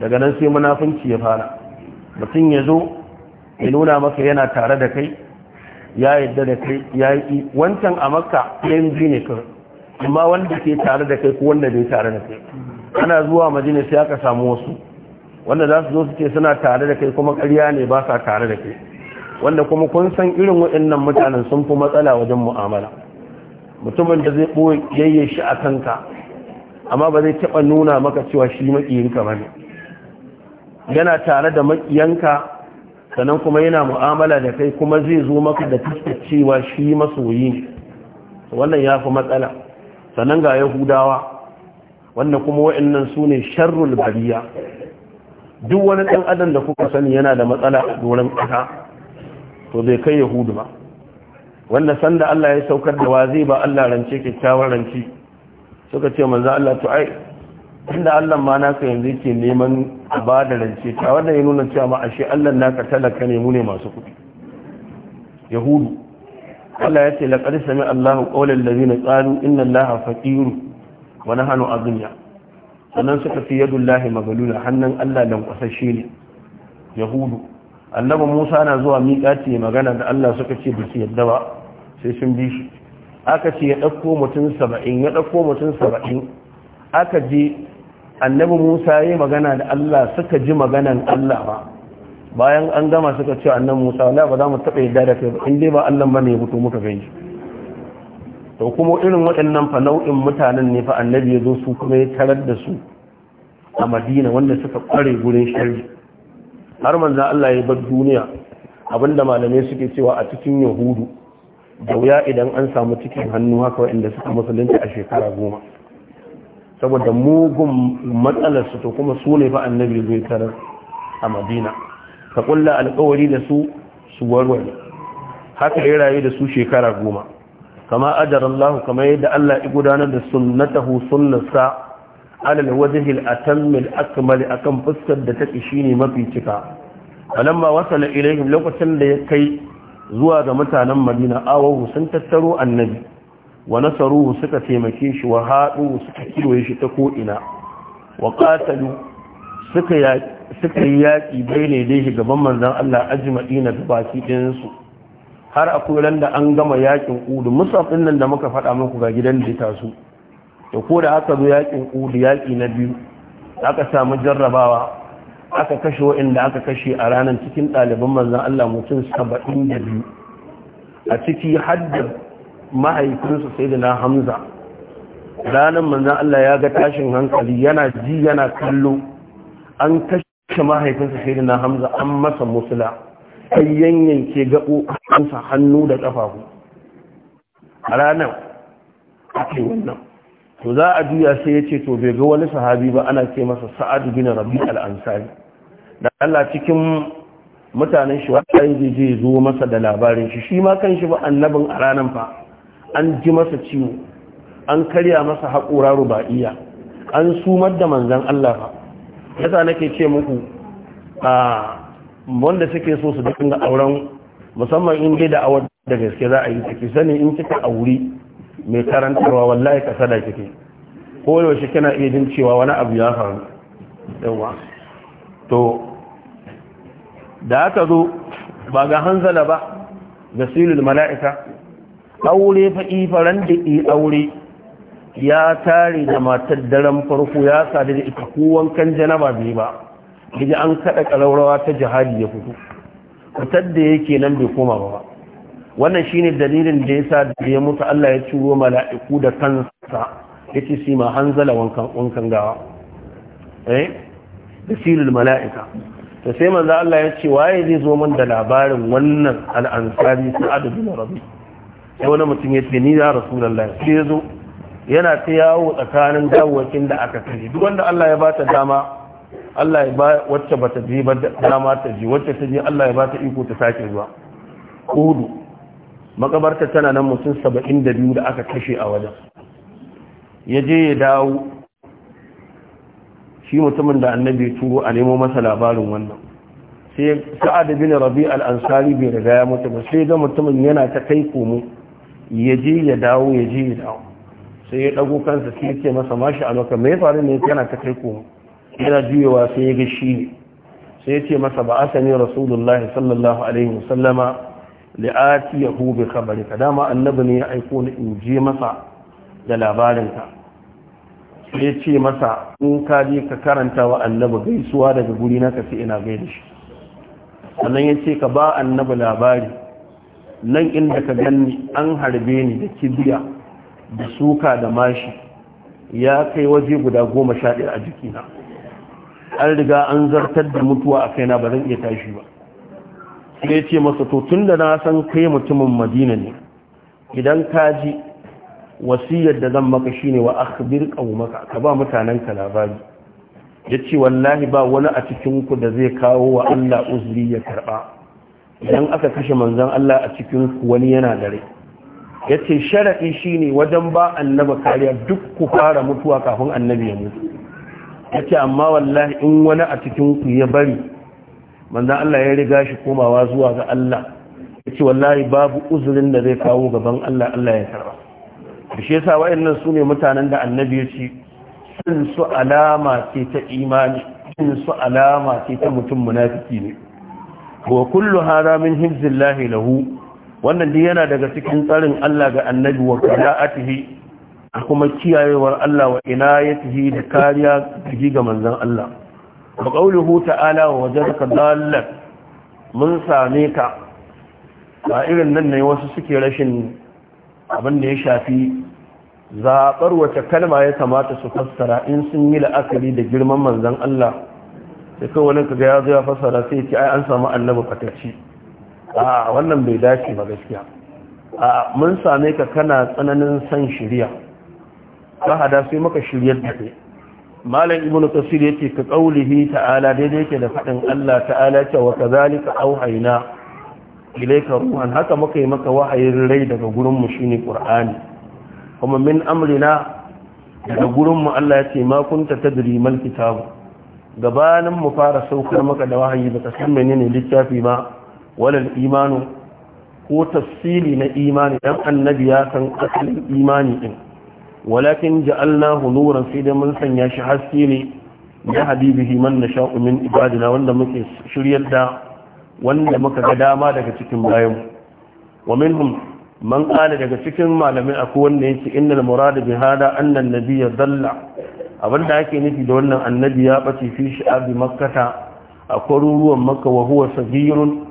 S1: daga nan sai munafunci ya fara mutum ya zo ya nuna maka yana tare da kai ya yadda da kai ya yi wancan a makka ɗayan biyu ne amma wanda ke tare da kai ko wanda bai tare da kai ana zuwa majina sai aka samu wasu wanda za su zo su ce suna tare da kai kuma karya ne ba sa tare da kai wanda kuma kun san irin waɗannan mutanen sun fi matsala wajen mu'amala mutumin da zai ɓoye yayye shi a kanka amma ba zai taɓa nuna maka cewa shi maƙiyinka ba ne yana tare da makiyanka sannan kuma yana mu'amala da kai kuma zai zo maka da cewa shi masoyi ne wannan ya fi matsala sannan ga yahudawa wannan kuma wa'annan su ne sharrul bariya duk wani ɗan adam da kuka sani yana da matsala a doron ƙasa to bai kai yahudu ba wanda sanda Allah ya saukar da wa zai ba Allah rance kyakkyawar rance suka ce manzo Allah to ai inda Allah ma naka yanzu yake neman ba da rance ta wanda ya nuna cewa ma ashe Allah naka talaka ne mu ne masu kuɗi yahudu Allah ya ce laqad sami Allahu qawlan ladina qalu inna Allaha faqirun wa nahnu aghniya sannan suka fi yadullahi magalula hannan Allah dan kwasashe ne yahudu annabi Musa na zuwa miƙa miƙati magana da Allah suka ce ba su yadda ba sai sun bi shi aka ce ya ɗauko mutum saba'in ya ɗauko mutum saba'in aka je annabi musa ya yi magana da allah suka ji maganan allah ba bayan an gama suka ce annabi musa wala ba za mu taɓa yadda da kai ba in dai ba allah ba ne fito muka gani to kuma irin waɗannan fa nau'in mutanen ne fa annabi ya zo su kuma ya tarar da su a madina wanda suka kware gurin shari har manzan allah ya bar duniya abinda malamai suke cewa a cikin yahudu da wuya idan an samu cikin hannu haka waɗanda suka musulunci a shekara goma saboda mugun matsalarsu to kuma su ne fa annabi zai tarar a madina ka kulla alkawari da su su warware haka ya rayu da su shekara goma kama ajaran lahu kama yadda Allah ya gudanar da sunnatahu sunnasa alal wajhil atammil akmal akan fuskar da take shine mafi cika falamma wasala ilaihim lokacin da ya kai zuwa ga mutanen Madina awahu sun tattaro annabi wa nasaruhu suka taimake shi wa haɗu suka kiroye shi ta ko'ina wa ƙatalu suka yi yaƙi bai ne dai gaban manzan Allah ajimaɗi na baki ɗinsu har akwai ran da an gama yaƙin ƙudu musafin nan da muka faɗa muku ga gidan da ta su da ko da aka zo yaƙin ƙudu yaƙi na biyu aka samu jarrabawa aka kashe waɗanda aka kashe a ranar cikin ɗaliban manzan Allah mutum saba'in da biyu a ciki haddar mahaifinsu sai da na hamza ranar manzan Allah ya ga tashin hankali yana ji yana kallo an kashe mahaifinsa sai da na hamza an masa musula an yanyanke gaɓo kansa hannu da ƙafafu a ranar ake wannan to za a juya sai ya ce to bai ga wani sahabi ba ana ce masa Sa'adu bin rabi alansari da Allah cikin mutanen shi wa'ayi zai zo masa da labarin shi shi ma kan shi ba annabin a ranar fa an ji masa ciwo an karya masa haƙura ruba'iya an sumar da manzan Allah ba yasa nake ce muku a wanda suke so su dinga auren musamman in dai da awar da gaske za a yi take sani in kika auri mai karantarwa wallahi ka sada kike ko yaushe kina iya jin cewa wani abu ya faru yawa to da aka zo ba ga hanzala ba gasilul mala'ika aure fa ifaran da i aure ya tare da matar daren farko ya sadu da ita ko wankan janaba bai ba kiji an kada karaurawa ta jihadi ya fito kutar da yake nan bai koma ba wannan shine dalilin da yasa da ya mutu Allah ya ciro mala'iku da kansa yace sai ma hanzala wankan wankan gawa eh da silul mala'ika to sai manzo Allah ya ce waye zai zo min da labarin wannan al'ansari sa'ad bin rabi' ya wani mutum ya ce ni ya lallai. sai ya zo yana ta yawo tsakanin dawakin da aka kashe duk wanda Allah ya bata dama Allah ya ba wacce bata je ba dama ta je wacce ta je Allah ya bata iko ta sake zuwa kudu makabarta tana nan mutum 72 da aka kashe a wajen ya je ya dawo shi mutumin da annabi ya turo a nemo masa labarin wannan sai sa'ad bin rabi al-ansari bai riga ya mutu ba sai ga mutumin yana ta kai komo ya je ya dawo ya je ya dawo sai ya ɗago kansa sai ya ce masa mashi lokacin mai faru ne yana ta kai komo yana juyewa sai ya ga shi ne sai ya ce masa ba aka ne rasulullahi sallallahu alaihi wasallama li'ati ya hube kabari ka dama annabi ne ya aiko ni in je masa da labarinka sai ya ce masa in ka je ka karanta wa annabi gaisuwa daga guri na ka sai ina gaida shi sannan ya ce ka ba annabi labari nan inda ka ganni an harbe ni da kibiya da suka da mashi ya kai waje guda goma sha ɗaya a jikina an riga an zartar da mutuwa a kaina ba zan iya tashi ba sai ce masa to tun da na san kai mutumin madina ne idan ka ji wasiyar da zan maka shine wa akhbir maka, ka ba mutanen ka labari yace wallahi ba wani a cikinku da zai kawo wa Allah uzuri ya karɓa. idan aka kashe manzon Allah a cikin wani yana dare ya ce sharaɗi shine wajen ba annaba kariya duk ku fara mutuwa kafin annabi ya mutu ya ce amma wallahi in wani a cikin ku ya bari manzon Allah ya riga shi komawa zuwa ga Allah ya ce wallahi babu uzurin da zai kawo gaban Allah Allah ya karba da shi yasa wayannan su ne mutanen da annabi ya ce sun su alama ce ta imani sun su alama ce ta mutum munafiki ne wa kullu hada min hibzillahi lahu wannan dai yana daga cikin tsarin Allah ga annabi wa qada'atihi kuma kiyayewar Allah wa inayatihi da kariya jiki ga manzon Allah wa qawluhu ta'ala wa wajadaka dallan mun same ka ba irin nan ne wasu suke rashin abin da ya shafi zaɓar wace kalma ya kamata su fassara in sun yi la'akari da girman manzon Allah sai kai wani kaga ya zo ya fassara sai ce ai an samu annabi fatacci a wannan bai dace ba gaskiya a mun same ka kana tsananin san shirya ka hada sai maka shiryar da kai malam ibnu kasir yace ka qaulihi ta'ala daidai yake da fadin Allah ta'ala ce wa kadhalika auhayna ilayka ruhan haka muka yi maka wahayin rai daga gurin mu shine qur'ani kuma min amrina daga gurin mu Allah yace ma kunta tadri mal kitabu gabanin mu fara saukar maka da wahayi ta san menene littafi ba walal imanu ko tafsiri na imani dan annabi ya san asalin imani din walakin ja'alnahu nuran sai da mun sanya shi haske ne da habibihi man nasha'u min ibadina wanda muke shiryar da wanda muka ga dama daga cikin bayan wa minhum man qala daga cikin malamai akwai wanda yake innal murad bi hada annan an-nabiyya dalla abin da ake nufi da wannan annabi ya ɓace fi sha'abi makkata a kwaruruwan makka wa huwa sagirun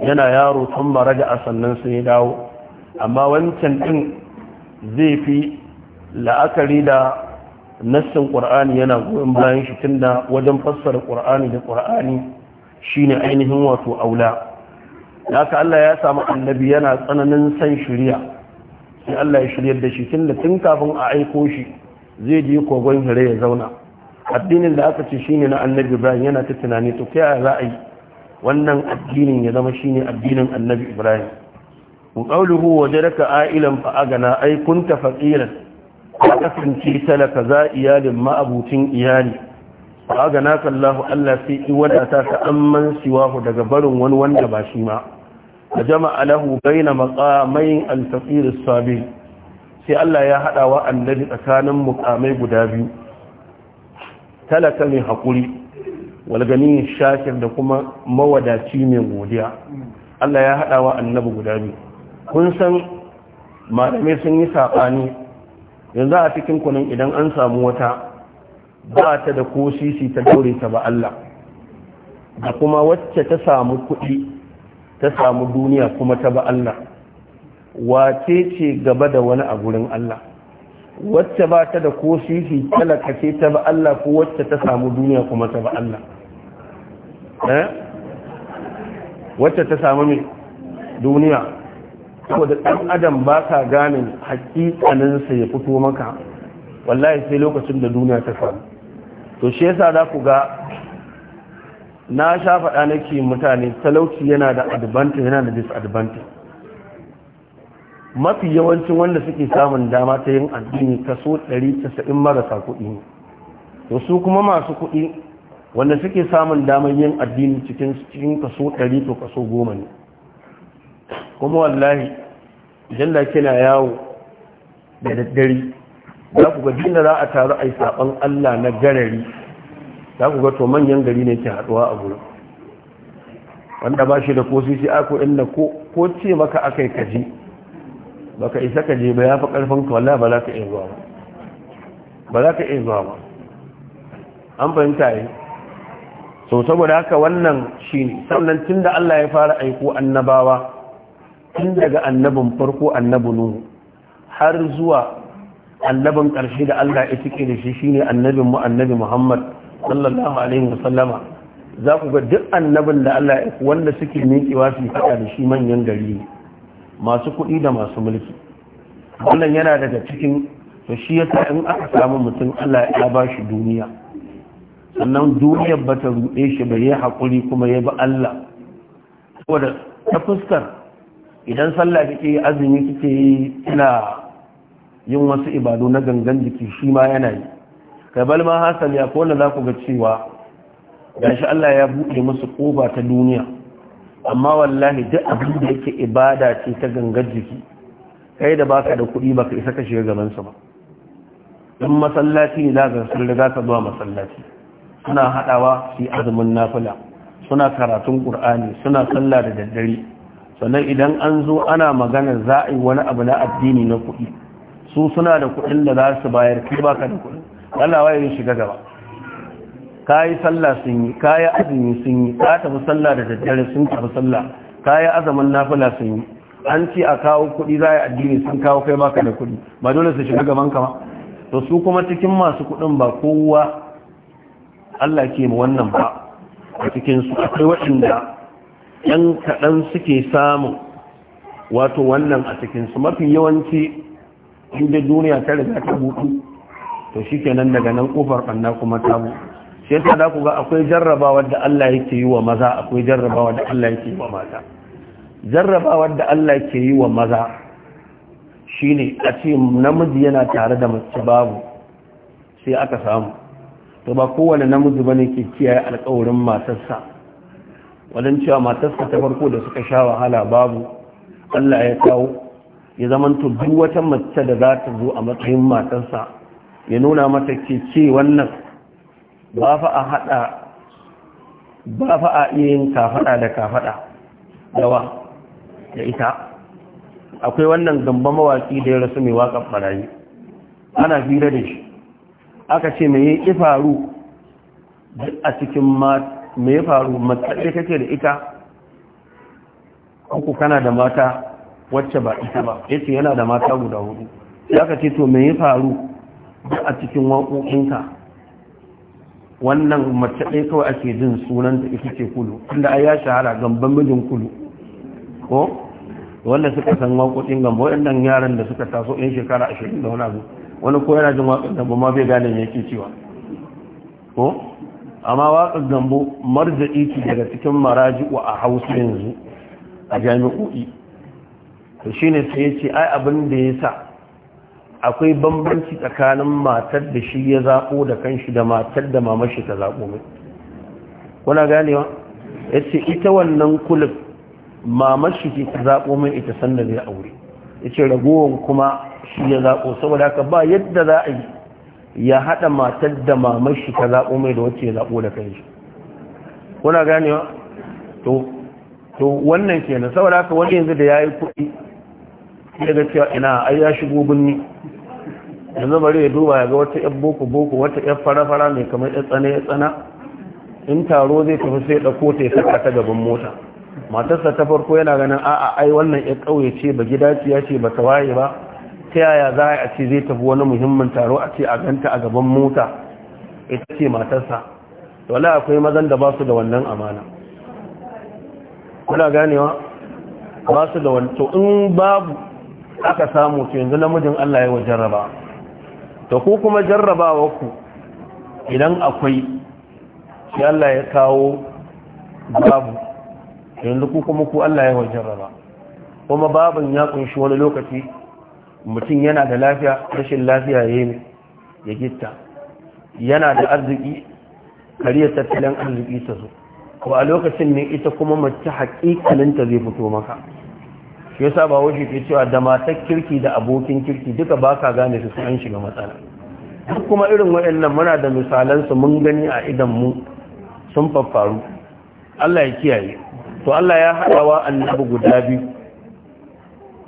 S1: yana yaro tun maraja a sannan sai ya dawo amma wancan ɗin zai fi la'akari da nassin qur'ani yana goyon bayan shi tun da wajen fassara qur'ani da qur'ani shine ainihin wato aula haka Allah ya samu annabi yana tsananin san shirya sai Allah ya shiryar da shi tunda tun kafin a aiko shi zai je kogon hira ya zauna addinin da aka ce shine na annabi ibrahim yana ta tunani to kai za a yi wannan addinin ya zama shine addinin annabi ibrahim wa waje wajadaka ailan fa agana ay kunta faqiran ka kasance talaka za iyalin ma'abucin iyali fa agana kallahu allah sai i wadata ta amman siwahu daga barin wani wanda ba shi ma a jama'a lahu bayna maqamain al-faqir as-sabi sai Allah ya haɗa wa annabi tsakanin mukamai guda biyu talaka mai haƙuri walgani shakir da kuma mawadaci mai godiya Allah ya haɗa wa annabi guda biyu kun san malamai sun yi saɓani yanzu a cikin kunan idan an samu wata ba ta da ko sisi ta daure ta ba Allah da kuma wacce ta samu kuɗi ta samu duniya kuma ta ba Allah wace ce gaba da wani a gurin Allah wacce ba ta da ko sisi talaka ce ta ba Allah ko wacce ta samu duniya kuma ta ba Allah eh? wacce ta samu ne duniya da ɗan adam ba ka gane hakikaninsa ya fito maka wallahi sai lokacin da duniya ta samu to shi yasa za ku ga na sha faɗa nake mutane talauci yana da advantage yana da disadvantage mafi yawancin wanda suke samun dama ta yin addini kaso 190 marasa kuɗi ne to su kuma masu kuɗi wanda suke samun damar yin addini cikin cikin kaso 100 to kaso 10 ne kuma wallahi jalla kina yawo da daddare za ku ga dinda za a taru a yi saɓon Allah na garari za ku ga to manyan gari ne ke haɗuwa a gurin wanda ba shi da ko sisi ako inda ko ce maka aka yi kaji baka isa ka je ba ya fi karfin ka wallahi ba za ka iya zuwa ba ba za ka iya zuwa ba an fahimta yi so saboda haka wannan shine sannan tun da Allah ya fara aiko annabawa tun daga annabin farko annabi nuhu har zuwa annabin ƙarshe da Allah ya cike da shi shine annabin mu annabi Muhammad sallallahu alaihi wasallama za ku ga duk annabin da Allah ya wanda suke miƙewa su faɗa da shi manyan gari ne masu kuɗi da masu mulki wannan yana daga cikin to shi in aka samu mutum Allah ya ba shi duniya sannan duniyar bata ruɗe shi ba yi hakuri kuma ya bi Allah saboda ta fuskar idan sallah kike azumi kike yi ina yin wasu ibadu na gangan jiki shi ma yana yi kai bal ma hasan ya kola za ku ga cewa gashi Allah ya buɗe musu ƙofa ta duniya amma wallahi duk abin da yake ibada ce ta gangar jiki kai da baka da kuɗi baka isa ka shiga gaban sa ba in masallaci ne zaka sun riga ka zuwa masallaci suna hadawa su azumin nafila suna karatun qur'ani suna sallah da daddare sannan idan an zo ana magana za a yi wani abu na addini na kuɗi su suna da kuɗin da za su bayar kai baka da kuɗin Allah waye shiga gaba kayi sallah sun yi ka azumi sun yi ka tafi sallah da daddare sun tafi sallah ka azaman nafila sun yi an ce a kawo kuɗi za a addini sun kawo kai baka da kuɗi ba dole su shiga gaban ka ba to su kuma cikin masu kuɗin ba kowa Allah ke mu wannan ba a cikin su akwai waɗanda ɗan kaɗan suke samu wato wannan a cikin su mafi yawanci inda duniya ta riga ta buɗu to shikenan daga nan kofar ɓanna kuma ta buɗe sai ta da ku ga akwai jarrabawa da Allah yake yi wa maza akwai jarrabawa da Allah yake yi wa mata jarrabawa da Allah yake yi wa maza shine a ce namiji yana tare da mace babu sai aka samu to ba kowane namiji bane ke kiyaye alƙawarin matarsa wajen cewa matarsa ta farko da suka sha wahala babu Allah ya kawo ya zamanto duk wata mace da za ta zo a matsayin matarsa ya nuna mata ke ce wannan ba fa a haɗa ba fa a yin kafaɗa da kafaɗa yawa da ita akwai wannan gamba mawaki da ya rasu mai wakar barayi ana fira da shi aka ce mai ya ƙi faru a cikin mai ya faru matsaɗe kake da ita uku kana da mata wacce ba ita ba ya ce yana da mata guda hudu ya ka ce to mai ya faru a cikin waƙoƙinka wannan mace ɗaya kawai ake jin sunan da ita ce kulu inda ai ya shahara gamban mijin kulu ko wanda suka san waƙoƙin gamba waɗannan yaran da suka taso yan shekara ashirin da wani abu wani ko yana jin waƙar gambo ma bai gane me yake cewa ko amma waƙar gambo marjaɗi ce daga cikin maraji'u a hausa yanzu a jami'o'i to shine sai ya ce ai abin da ya sa akwai bambanci tsakanin matar da shi ya zaɓo da kanshi da matar da mamashi ta zaɓo mai kuna ganewa ya ce ita wannan kulub mamashi ke ta zaɓo mai ita sanda zai aure ya ce ragowar kuma shi ya zaɓo saboda haka ba yadda za a yi ya haɗa matar da mamashi ta zaɓo mai da wacce ya zaɓo da kanshi kuna ganewa to to wannan kenan saboda haka wani yanzu da ya yi kuɗi ga cewa ina ai ya shigo birni yanzu bari ya duba ya ga wata yan boko boko wata yan fara-fara mai kamar ya tsana ya tsana in taro zai tafi sai ɗauko ta ya saka ta gaban mota matarsa ta farko yana ganin a'a ai wannan ya ƙauye ce ba gida ya ce ba ta waye ba ta yaya za a ce zai tafi wani muhimmin taro a ce a ganta a gaban mota ita ce matarsa wala akwai mazan da ba su da wannan amana kuna ganewa ba su da wani to in babu aka samu to yanzu namijin Allah ya wajen raba to ko kuma jarrabawa ku idan akwai shi Allah ya kawo babu yanzu ku kuma ku Allah ya jarraba kuma babin ya kunshi wani lokaci mutum yana da lafiya rashin lafiya ya yi ya gitta yana da arziki kariya tattalin arziki ta zo ko a lokacin ne ita kuma mace haƙiƙalinta zai fito maka shi yasa ba ke cewa da matar kirki da abokin kirki duka ba ka gane su sun an shiga matsala duk kuma irin waɗannan muna da misalansu mun gani a idan mu sun faffaru Allah ya kiyaye to Allah ya wa annabi guda biyu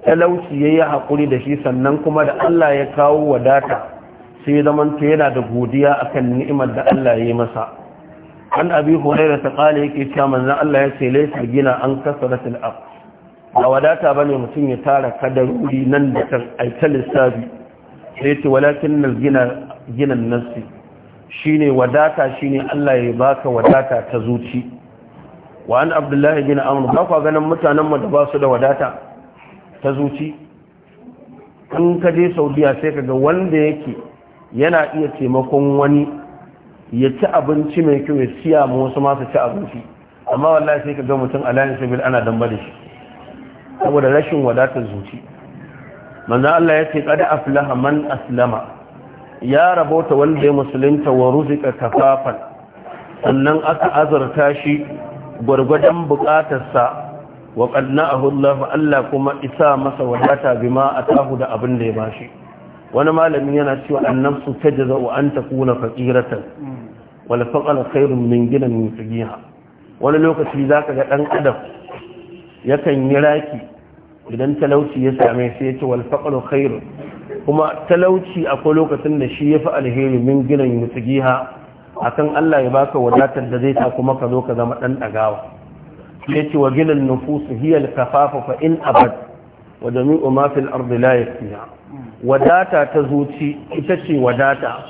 S1: talauci ya yi haƙuri da shi sannan kuma da Allah ya kawo wadata sai zaman ta yana da godiya akan ni'imar da Allah ya yi masa an abi hurairah ta kale yake cewa manzon Allah ya ce laysa gina an kasratil aqd A wadata ba ne mutum ya tara wuri nan da kan aita lissafi sai ce walakin na gina nassi shi ne wadata shi ne Allah ya baka wadata ta zuci wa an abdullahi gina amur ba kwa ganin mutanenmu da ba su da wadata ta zuci in ka je saudiya sai ka ga wanda yake yana iya taimakon wani ya ci abinci mai kyau ya siya ma wasu masu ci abinci amma wallahi sai ka ga mutum alayin sabil ana damba da shi saboda rashin wadatar zuci manzo Allah ya ce qad aflaha man aslama ya rabota wanda ya musulunta wa ruzika kafafan sannan aka azurta shi gwargwadon bukatarsa wa qanna'ahu Allah Allah kuma isa masa wadata bima atahu da abin da ya bashi wani malami yana cewa annafsu tajza wa an takuna faqiratan wal faqal khairun min ginan min wani lokaci zaka ga dan adam yakan yi raki idan talauci ya same sai ya ce wal khairu kuma talauci akwai lokacin da shi yafi alheri min ginan yutgiha akan Allah ya baka wadatar da zai ta kuma ka zo ka zama ɗan ɗagawa sai ce wa ginan nufusu hiyar al kafafa fa in abad wa jami'u ma fil ardi wadata ta zuci ita ce wadata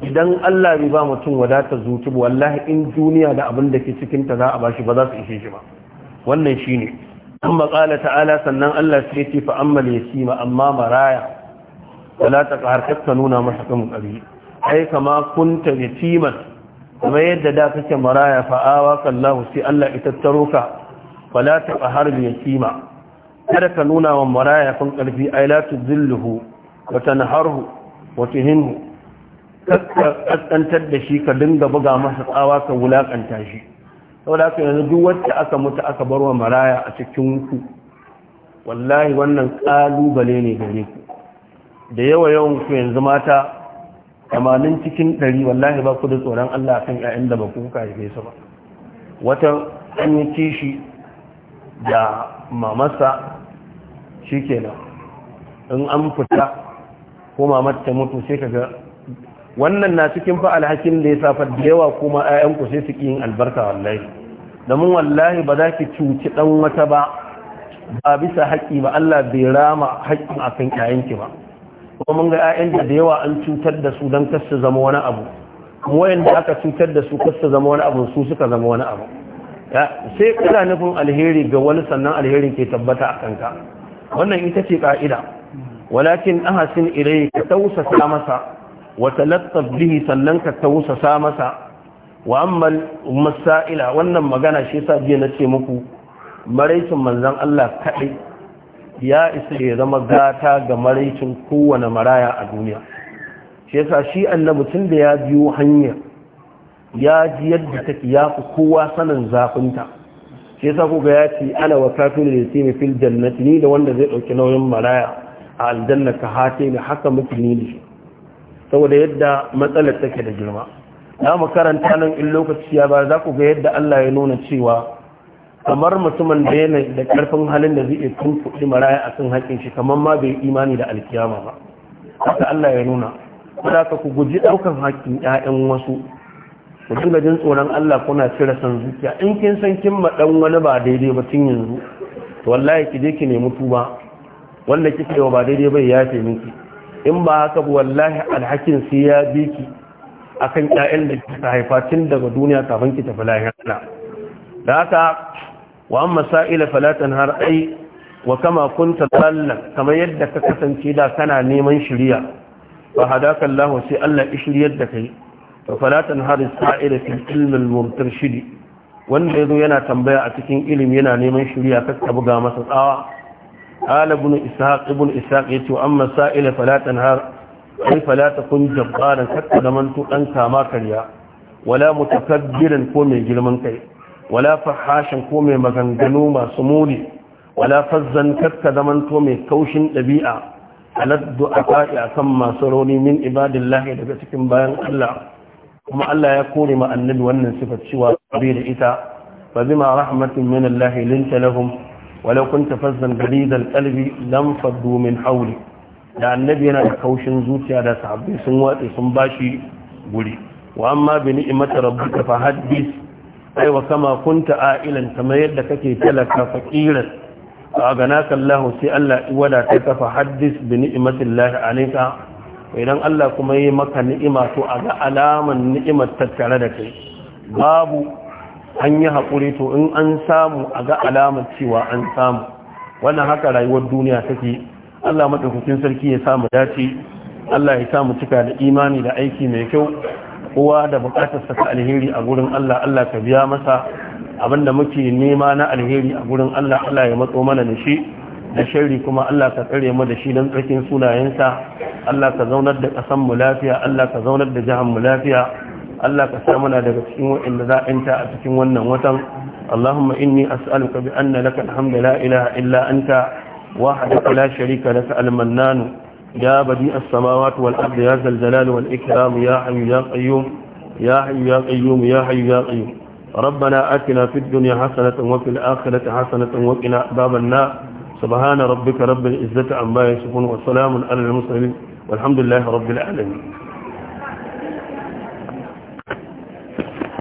S1: idan Allah ya ba mutum wadatar zuci wallahi in duniya da abin da ke cikin za a bashi ba za su ishe shi ba wannan shine amma qala ta'ala sannan Allah sai ce fa ammal yasima amma maraya wala taqhar katta nuna masa kan kabi ai kama kunta yatiman kuma yadda da kake maraya fa awa kallahu sai Allah ita taruka wala taqhar yatima kada ka nuna wa maraya kan karfi ai la tuzilluhu wa tanharhu wa tuhinhu kaskantar da shi ka dinga buga masa tsawa ka wulakanta shi saboda haka yanzu duk wacce aka mutu aka bar wa maraya a cikin ku wallahi wannan kalubale ne gare ku da yawa yawan ku yanzu mata 80 cikin 100 wallahi ba ku da tsoron Allah kan ƴaƴan da ba ku ka haife su ba wata an yi kishi da mamarsa shikenan in an fita ko mamar ta mutu sai kaga wannan na cikin fa alhakin da ya safar da yawa kuma 'ya'yanku sai su yin albarka wallahi domin wallahi ba za ki cuci dan wata ba ba bisa haƙƙi ba Allah bai rama haƙƙin akan ƴaƴanki ba kuma mun ga ƴaƴan da yawa an cutar da su dan kar zama wani abu Kuma da aka cutar da su kar zama wani abu su suka zama wani abu sai kana nufin alheri ga wani sannan alherin ke tabbata a kanka wannan ita ce ka'ida walakin ahasin ilayka tausasa masa wa talaqqab bihi sannan ka tausasa masa wa amman masaila wannan magana shi yasa jiya nace muku maraicin manzon Allah kadai ya isa ya zama gata ga maraicin kowane maraya a duniya shi yasa shi annabi tun da ya biyo hanya ya ji yadda take ya fi kowa sanin zafinta shi yasa ga ya ce ana wa kafin yatimi fil jannati ni da wanda zai dauki nauyin maraya a aljanna ka hate ni haka muke ni ne saboda yadda matsalar take da girma na mu karanta nan in lokaci ya ba za ku ga yadda Allah ya nuna cewa kamar mutumin da yana da karfin halin da zai iya kuɗi maraya a kan haƙin shi kamar ma bai imani da alkiyama ba haka Allah ya nuna Kada ka ku guji ɗaukan haƙin ƴaƴan wasu ku dinga jin tsoron Allah kuna cire san zuciya in kin san kin ma dan wani ba daidai ba tun yanzu to wallahi ki je ki nemi tuba wanda kike wa ba daidai bai yafe miki in ba haka wallahi alhakin sai ya bi ki akan ƴaƴan da kika haifa tun daga duniya kafin ki tafi lahira da haka wa amma sa'ila Falatan har ai wa kama kunta dallan kamar yadda ka kasance da kana neman shiriya fa hadaka Allah sai Allah ishriyar da kai fa Falatan tanhar sa'ila fil ilm al murtashid wanda yazo yana tambaya a cikin ilimi yana neman shiriya ka buga masa tsawa قال ابن إسحاق ابن إسحاق يتو أما سائل ai fala ta kun jabbaran kakka da mantu dan kama karya wala mutakabbiran ko mai girman kai wala fahashin ko mai maganganu masu muni wala fazzan kakka da mai kaushin dabi'a aladdu akai akan masu rauni min ibadillahi daga cikin bayan Allah kuma Allah ya kore ma annabi wannan sifar cewa bai da ita fa bima rahmatin min Allah linta lahum ولو كنت فزا غليظ القلب لم فضوا من حولك da annabi yana da kaushin zuciya da sahabbai sun watsi sun bashi guri wa amma bi ni'mati rabbika fa haddis ai wa kama kunta ailan kama yadda kake talaka faqiran fa ganaka Allah sai Allah wada kai kafa fa haddis bi ni'mati Allah alayka idan Allah kuma yi maka ni'ima to a ga alaman ni'imar tattare da kai babu an yi haƙuri to in an samu a ga alamar cewa an samu wannan haka rayuwar duniya take Allah maɗaukakin sarki ya samu dace Allah ya samu cika da imani da aiki mai kyau kowa da bukatar saka alheri a gurin Allah Allah ka biya masa abinda muke nema na alheri a gurin Allah Allah ya matso mana da shi da sharri kuma Allah ka tsare mu da shi don tsarkin sunayensa Allah ka zaunar da ƙasan mu lafiya Allah ka zaunar da jihar mu lafiya Allah ka sa mana daga cikin wa'inda za a a cikin wannan watan Allahumma inni as'aluka bi anna laka alhamdu la ilaha illa anta وحدك لا شريك لك المنان يا بديع السماوات والأرض يا ذا الجلال والإكرام يا حي يا قيوم يا حي يا قيوم يا حي يا قيوم ربنا آتنا في الدنيا حسنة وفي الآخرة حسنة وقنا عذاب النار سبحان ربك رب العزة عما يصفون وسلام على المرسلين والحمد لله رب العالمين